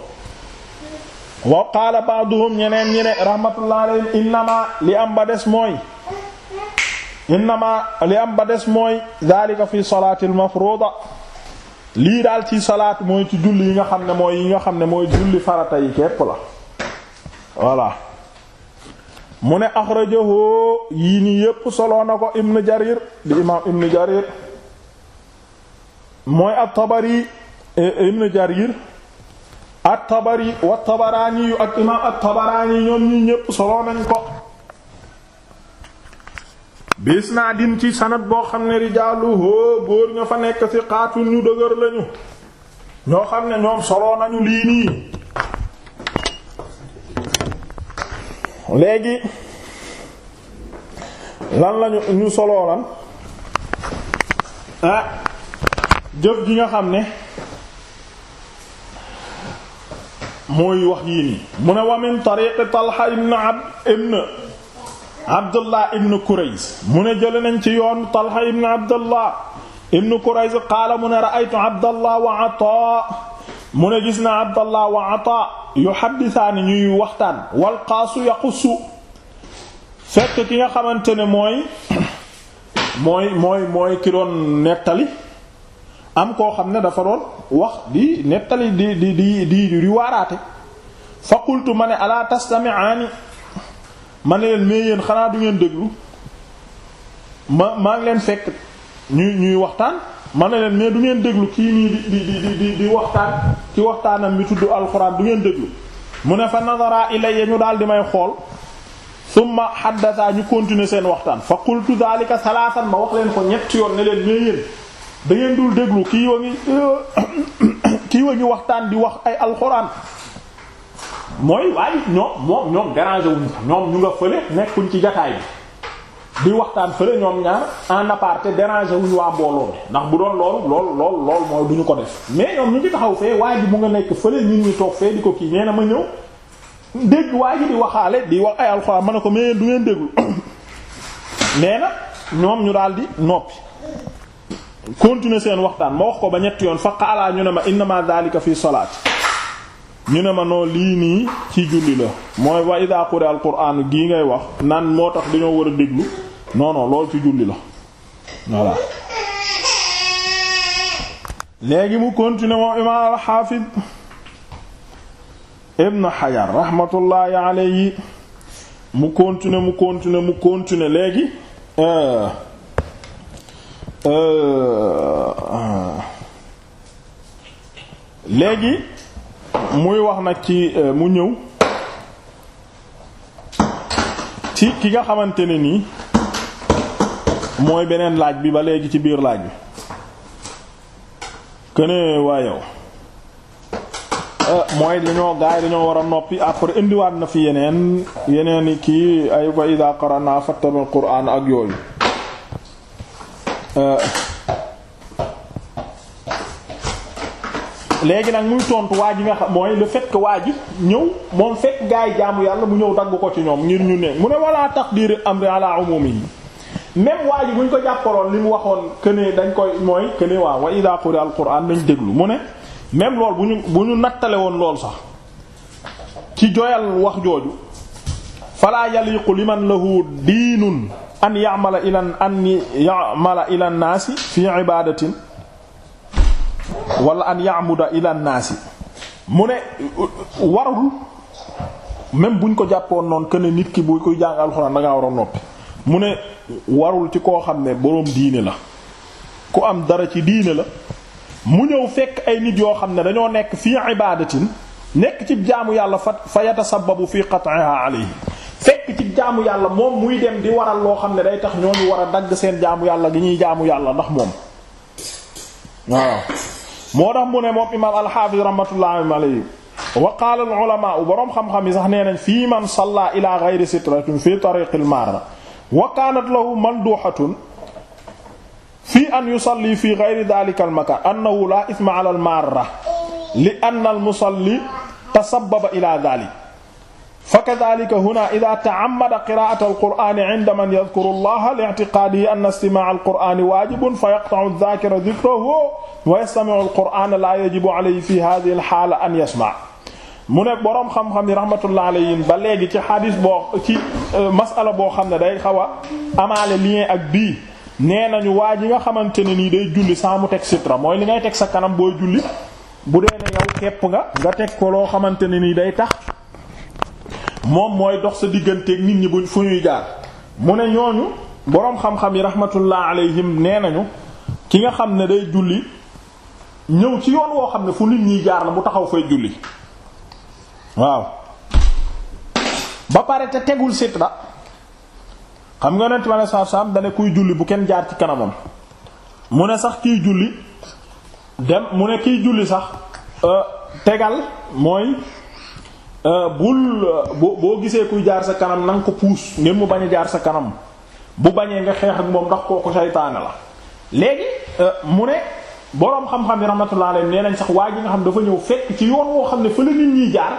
wa qaala ba'duhum ñeneen ñi ne rahmatullahi alayhim innama li am ba des mooy innama li am ba des mooy daalika fi salaatil daal ci salaat mooy ci julli yi nga xam ne mooy yi nga xam ne mooy julli farata yi képp la voilà mu ne axrajahu yii nii yépp soloo na ko ibn jarir di imaam ibn jarir mooy at-Tabari E, e ibn Jarir at-Tabari wa Tabaraani yu ak imaam at-Tabaraani ñoom ñi ñépp solo nañ ko bis naa din ci sanad boo xam ne rijaaluhu góor nga fa nekk ci xaatu ñu dëgër lañu ñoo xam ne ñoom solo nañu lii nii léegi lan lañu ñu solo lan ah jëf gi nga xam ne mooy wax yii nii mu ne wa min tariqi talha ibn abd ibn abdullah ibn kurays nañ ci yoon talha ibn abdullah ibn kurays qaala mu ne ra'aytu abdallah wa ata mu ne abdallah wa ata yuhaddithaani ñuy waxtaan wal qaasu yaqussu fekk ki nga xamante ne mooy mooy mooy mooy ki doon nettali am koo xam ne dafa doon wax di nettali di di di di riwaaraate fa ma ne ala tastami'ani ma ne leen mais yéen xanaa du ngeen déglu ma maa ngi leen fekk ñu ñuy waxtaan ma ne leen mais du ngeen déglu kii nii di di di di di waxtaan ci waxtaanam mi tudd alxuraan du ngeen déglu mu ne fa nazara ilayya ñu daal di may xool summa xaddasa ñu continuer seen waxtaan fa qultu dhalika salaasan ma wax leen ko ñetti yoon ne leen mais yéen da ngeen dul déglu kii wa ngi [COUGHS] kii wa ngi waxtaan di wax ay alxuraan mooy waaye ñoom moom ñoom déranger wuñ ñoom ñu nga fële nekkuñ ci jataay bi di waxtaan fële ñoom ñaar en aparté déranger wuñ waa mbooloo ndax bu doon loolu lool lool lool mooy duñu ko def mais ñoom ñu ngi taxaw fee waaye ji mu nga nekk fële ñun ñu toog fee di ko kii nee na ma ñëw dégg waa ji di waxaale di wax ay alxuraan ma ne ko mais du ngeen déglu [COUGHS] nee na ñoom ñu daal di noppi. continuer seen waxtaan ma wax ko ba ñetti yoon fa xaalaa ñu ne ma innama dhalika fi salaat ñu ne ma noo lii nii ci julli la mooy wa ida quri al quraan gii ngay wax naan moo tax dañoo war a déglu non non loolu ci julli la léegi mu continuer moom imaam alxaafid ibn xajar raxmatullaahi alayhi mu continuer mu continuer mu continuer léegi euh, Euh, euh, léegi muy wax nag ci euh, mu ñëw ci ki nga xamante ne nii mooy beneen laaj bi ba léegi ci biir laaj bi kënee waa yow mooy dañoo gaay dañoo war a noppi après indiwaat na fi yeneen yeneen kii ay wa idaa qara'naa fattabi'il qur'aan ak yooyu Euh, léegi nag muy tontu waa ji nga mooy le fekk que waa ji ñëw moom fekk gaa yi jaamu yàlla mu ñëw dagg ko ci ñoom ngir ñu ne mu ne wala taqdir amri ala umumi même waa ji buñ ko jàppaloon li mu waxoon que dañ koy mooy que ne waaw wa ida quri al quran nañ déglu mu ne même lool bu ñu bu ñu nattale woon lool sax ci joyal wax jooju fala yaliqu liman lahu diinun an ya'mala ila an ya'mala ila naasi fi ibadatin wala an ya'muda ila naasi mu ne warul même buñ ko jàppoon noonu que nit ki bu koy jàng alxuraan dangaa war a noppi mu ne warul ci koo xam ne boroom diine la ku am dara ci diine la mu ñëw fekk ay nit yoo xam ne dañoo nekk fii ibadatin nekk ci jaamu yàlla fa fa yatasababu fii qat'iha alayhi fekk ci jaamu yàlla moom muy dem di waral loo xam ne day tax ñooñu war a dagg seen jaamu yàlla gi ñuy jaamu yàlla ndax moom waaw moo tax mu ne moom imaam alxaafis rahmatullahi alayhi wa qaala al ulamaa boroom xam-xam yi sax nee nañ fii man salla ila gayri sitratin fi tariq al marra wa kaanat lahu manduhatun fi an yusalli fi gayri dhalika al makan annahu la ithma ala al marra li anna al musalli tasabbaba ila dhalik fa kadhalika huna idha ta'ammada qira'ata al-qur'ani 'inda man yadhkuru allaha li'tiqadihi anna istima'a al-qur'ani wajibun fa yaqta'u adh-dhakira dhikrahu wa yastami'u al-qur'ana la yajibu 'alayhi fi hadhihi al-hala an yasma' mu ne boroom xam-xam yi rahmatullah alayhim ba léegi ci xadis boo ci euh, masala boo xam ne day xaw a amaale lien ak bii nee nañu waa ji nga xamante ne nii day julli sans mu teg sitra mooy li ngay teg sa kanam booy julli bu dee ne yow képp nga nga teg ko loo xamante ne nii day tax moom mooy dox sa digganteeg nit ñi buñ fu ñuy jaar mu ne ñooñu boroom xam-xam yi rahmatullah alayhim nee nañu ki nga xam ne day julli ñëw ci yoon woo xam ne fu nit ñi jaar la mu taxaw fay julli waaw ba pare te tegul sitra xam nga yonent bi alei satu salaam dane kuy julli bu kenn jaar ci kanamam mu ne sax kiy julli dem mu ne kiy julli sax euh, tegal mooy Euh, bul boo boo gisee kuy jaar sa kanam na ko puus ngeen mu bañ a jaar sa kanam bu bañee nga xeex ak moom ndax kooku saytaane la léegi euh, mu ne boroom xam-xam yi rahmatullah alayhi nee nañ sax waa ji nga xam dafa ñëw fekk ci yoon woo xam ne fa la nit ñiy jaar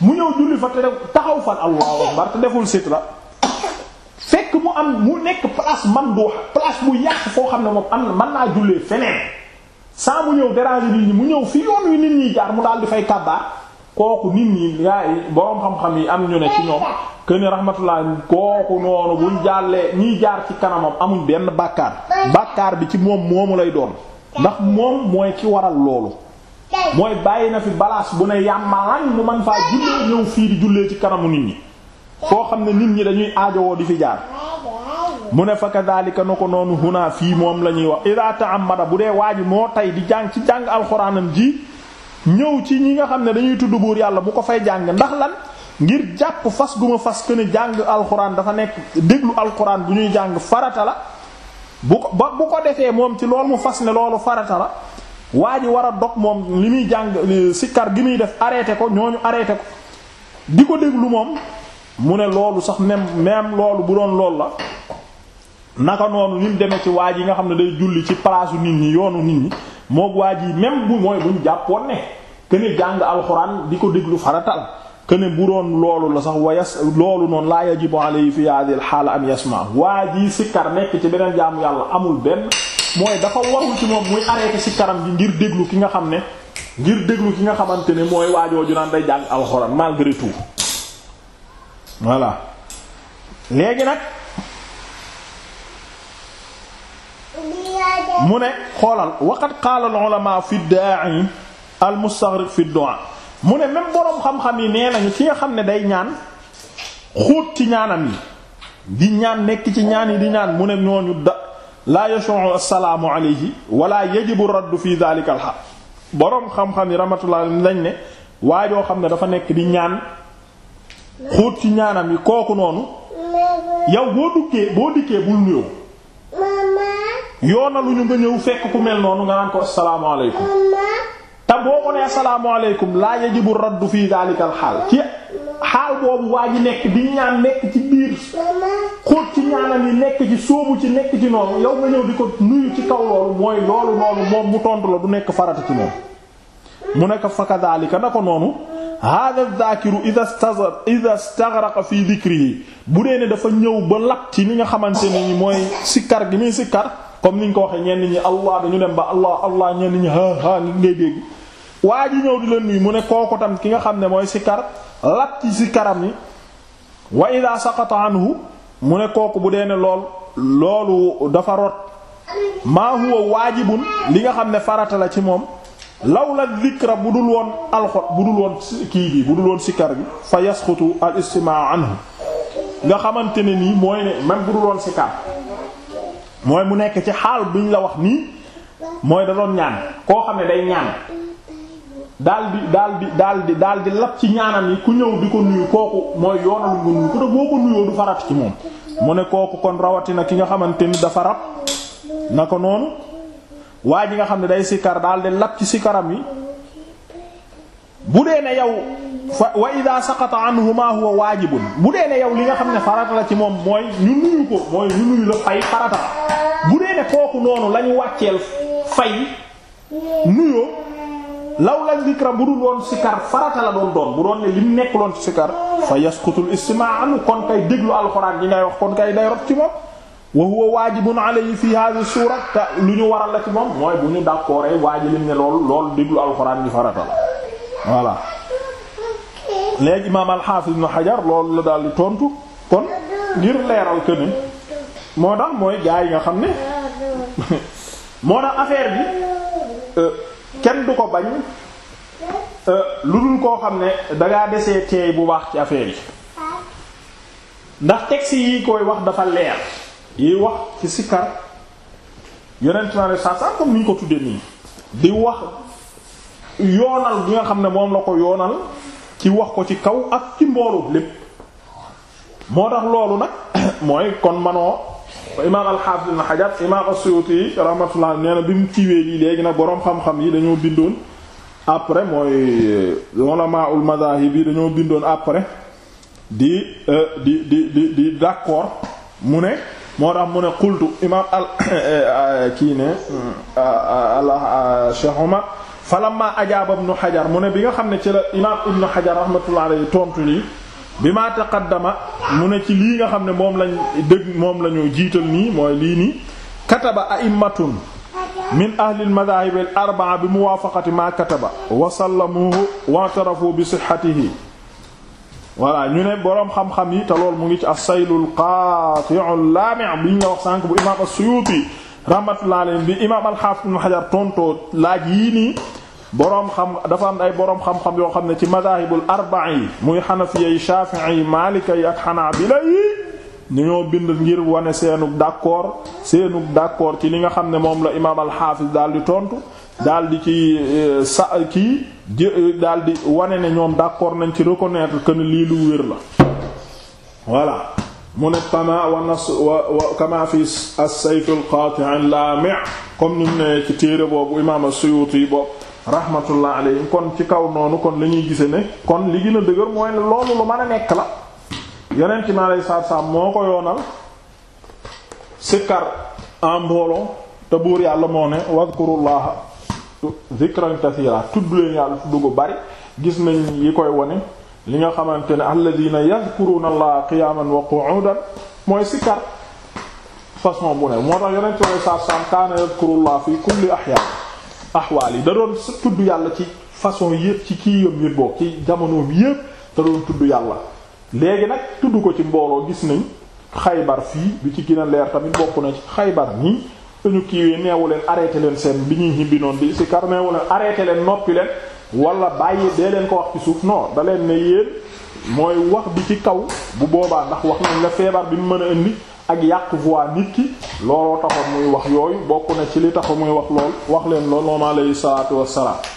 mu ñëw julli fa te taxaw fan allahu akbar te la fekk mu am mu nekk place man du place bu xam ne moom am na mën naa feneen saa mu ñëw déranger nit mu ñëw fi yoon wi nit ñiy jaar mu daal di fay kàbbaar kooku nit ñi gaa yi boroom xam-xam yi am ñu ne ci ñoom këni rahmatullah kooku noonu buñ jàllee ñiy jaar ci kanamam amuñ benn bàkkaar bàkkaar bi ci moom moomu lay doon ndax moom mooy ki waral loolu mooy bàyyi na fi balaas bu ne yàmmalan mu man faa jullee ñëw fii di jullee ci kanamu nit ñi foo xam ne nit ñi dañuy aajowoo di fi jaar mu ne fa kadhalika na ko noonu huna fii moom la ñuy wax am ta'ammada bu dee waa ji moo tey di jàng ci jàng alxuraanam ji ñëw ci ñi nga xam ne dañuy tudd buur yàlla bu ko fay jàng ndax lan ngir jàpp fas gu ma fas kën jàng alxuraan dafa nekk déglu alxuraan bu ñuy jàng farata la bu ko ba bu ko defee moom ci loolu mu fas ne loolu farata la waa ji war a dog moom li muy jàng sikkar gi muy def arrêté ko ñooñu arrêté ko di ko déglu moom mu ne loolu sax même même loolu bu doon loolu la naka noonu ni mu ci waa ji nga xam ne day julli ci palaasu nit ñi yoonu nit ñi moog waa ji même bu mooy buñ jàppoon ne kene jàng alxuraan di ko déglu faratal kene bu doon loolu la sax wa yas loolu noon laa yajibu alayhi fi hadhihi al-haala an yasma waa ji sikkar nekk ci beneen jaamu yàlla amul benn mooy dafa warul ci moom muy arrêté sikkaram gi ngir déglu ki nga xam ne ngir déglu ki nga xamante ne mooy waajooju naan day jàng alxuraan malgré tout voilà léegi nag mu ne xoolal waqad qaala al ulama fi da'i al mustaghriq fi du'a mu ne même boroom xam-xam yi nee nañu ci nga xam ne day ñaan xóot ci ñaanam yi di ñaan nekk ci ñaan yi di ñaan mu ne ñooñu da laa yashuu assalaamu alayhi wala yajibu boroom xam yi rahmatullah ne waa joo xam ne dafa nekk di ñaan xóot ci ñaanam yi kooku noonu yow boo dukkee boo dikkee bul nuyoo yoonalu ñu nga ñëw fekk ku mel noonu nga naan ko asalaamaaleykum te boo ko nee asalaamaaleykum laa yajibu raddu fii daalikal xaal ci xaal boobu waa ji nekk di ñaan nekk ci biir xóot ci ñaanam yi nekk ci sóobu ci nekk ci noonu yow nga ñëw di ko nuyu ci kaw loolu mooy loolu noonu moom mu tontu la du nekk farata ci moom mu nekk fa kadaalika na ko noonu hada dhaakiru ida staghraqa fi yi bu dee ne dafa ñëw ba lap ci li nga xamante ne ni mooy gi muy comme niñ ko waxee ñenn ñi allah dañu dem ba allah allah ñenn ñi ha ha ngay dégg waa ji ñëw di leen mu ne kooku tam ki nga xam ne mooy sikar lap ci sikaram yi wa ida saqata anhu mu ne kooku bu dee ne lool loolu dafa rot maa huwa waajibun li nga xam ne farata la ci moom law la dikra bu dul woon alxot bu dul woon kii bi bu dul woon sikar bi fa yasqutu al istimaa anhu nga xamante ne nii mooy ne même bu dul woon sikar mooy mu nekk ci xaal buñ la wax nii mooy da doon ñaan koo xam ne day ñaan daal di daal di daal di daal lap ci ñaanam yi ku ñëw di ko nuyu kooku mooy yoonal nga nuyu ku ne boo ko nuyoo du farat ci moom mu ne kooku kon rawatina ki nga xamante ni dafa rab na ko noonu waa ji nga xam ne day sikar daal lap ci sikaram yi bu dee ne yow fa wa ida saqata anhuma huwa waajibun bu dee ne yow li nga xam ne farata la ci moom mooy ñu nuyu ko mooy ñu nuyu la fay farata la bu dee ne kooku noonu la ñu wàcceel fay nuyoo law la zikra bu dul woon sikar farata doon doon bu doon ne lim nekk loon ci sikar fa yasqutul istimaa anu kon kay déglu alxuraan yi ngay wax kon kay day rot ci moom wa huwa waajibun alayhi fi hadhihi sura te lu ñu waral la ci moom mooy bu ñu d'accord waaji lim ne loolu loolu déglu alxuraan yi farata léegi imaam al-Hafiz Ibn loolu la daal di tontu kon ngir leeral que moo tax mooy gaa yi nga xam ne [LAUGHS] moo tax affaire bi euh, kenn du ko bañ euh, lu dul koo xam ne dangaa desee teey bu baax ci affaire yi ndax texte yi koy wax dafa leer yi wax ci sikkar yonent naa ne saa saa comme ni ko tuddee nii di wax yoonal bi nga xam ne moom la ko yoonal ci wax ko ci kaw ak ci mbooloo lépp moo tax loolu nag [COUGHS] mooy kon manoo imaam al-Hafiz ibn Hajar imaam as-Suyuti rahmatullah nee na bi mu kiiwee lii léegi nag boroom xam-xam yi dañoo bindoon après mooy euh, ulama dañoo bindoon après di euh, di di di di mu ne moo tax mu ne qultu imaam al [COUGHS] euh, kii ne al Cheikh Omar falamma ajaaba ibnu xajar mu ne bi nga xam ne ci la imaam ibnu xajar rahmatullah alayhi tontu lii bi ma taqaddama mu ne ci lii nga xam ne moom lañ dëgg moom la ñu jiital nii mooy lii nii kataba a'immatun min ahlil madahib al arbaa bi muwaafaqati ma kataba wa sallamuhu wa tarafu bi sihhatihi voilà ñu ne borom xam-xam yi te lool mu ngi ci as-saylul qaati'ul laami' bi ñu la wax bu imaam as-Suyuuti rahmatullahi alayhi bi imaam al-Hafiz Ibn Hajar tontoo laaj yii nii boroom xam dafa am ay boroom xam-xam yoo xam ne ci madahibul arba'a yi muy xanafiya yi shafi'a yi malika yi ak xanaabila yi ñu ñoo bind ngir wane seenug d'accord seenug d'accord ci li nga xam ne moom la imaam al-Hafiz daal di tontu daal di ci euh, sa kii daal di wane ne ñoom d'accord nañ ci reconnaître que ne lii lu wér la voilà mu ne tama wa nas wa kama fi as-sayf al-qati' comme ni mu ne ci téere boobu imaam as boobu rahmatullah alayhi kon ci kaw noonu kon la ñuy gise ne kon li gën a dëgër mooy loolu lu mën a nekk la yonent mi alayhi salaatu salaam moo ko yoonal sikkar en mbooloo te buur yàlla moo ne wadkurullaha dhikran kathira tudd leen yàlla tudd bari gis nañ yi koy wone li nga xamante ne alladina yadhkuruna allaha qiyaman wa qu'udan mooy sikar façon bu ne moo tax yonent way sar sam kaana yadhkurullah fi kulli ahya ahwaal yi da doon tudd yàlla ci façon yépp ci kii yam yit bokk ci jamonoom yépp da doon tudd yàlla léegi nag tudd ko ci mbooloo gis nañ xaybar fii bi ci gina leer tamit bokk na xaybar nii dañu kiiwee neewu leen arrêté leen seen bi ñuy ñibbi noonu di sikar neewu leen arrêté leen noppi leen wala bàyyi dee leen ko wax ci suuf noo da leen ne yéen mooy wax bi ci kaw bu boobaa ndax wax nañ nga feebar bi mu mën a indi ak yàq voix nit ki looloo taxoon muy wax yooyu bokk na ci li taxoon muy wax lool wax leen lool moom alayhi salaatu wassalaam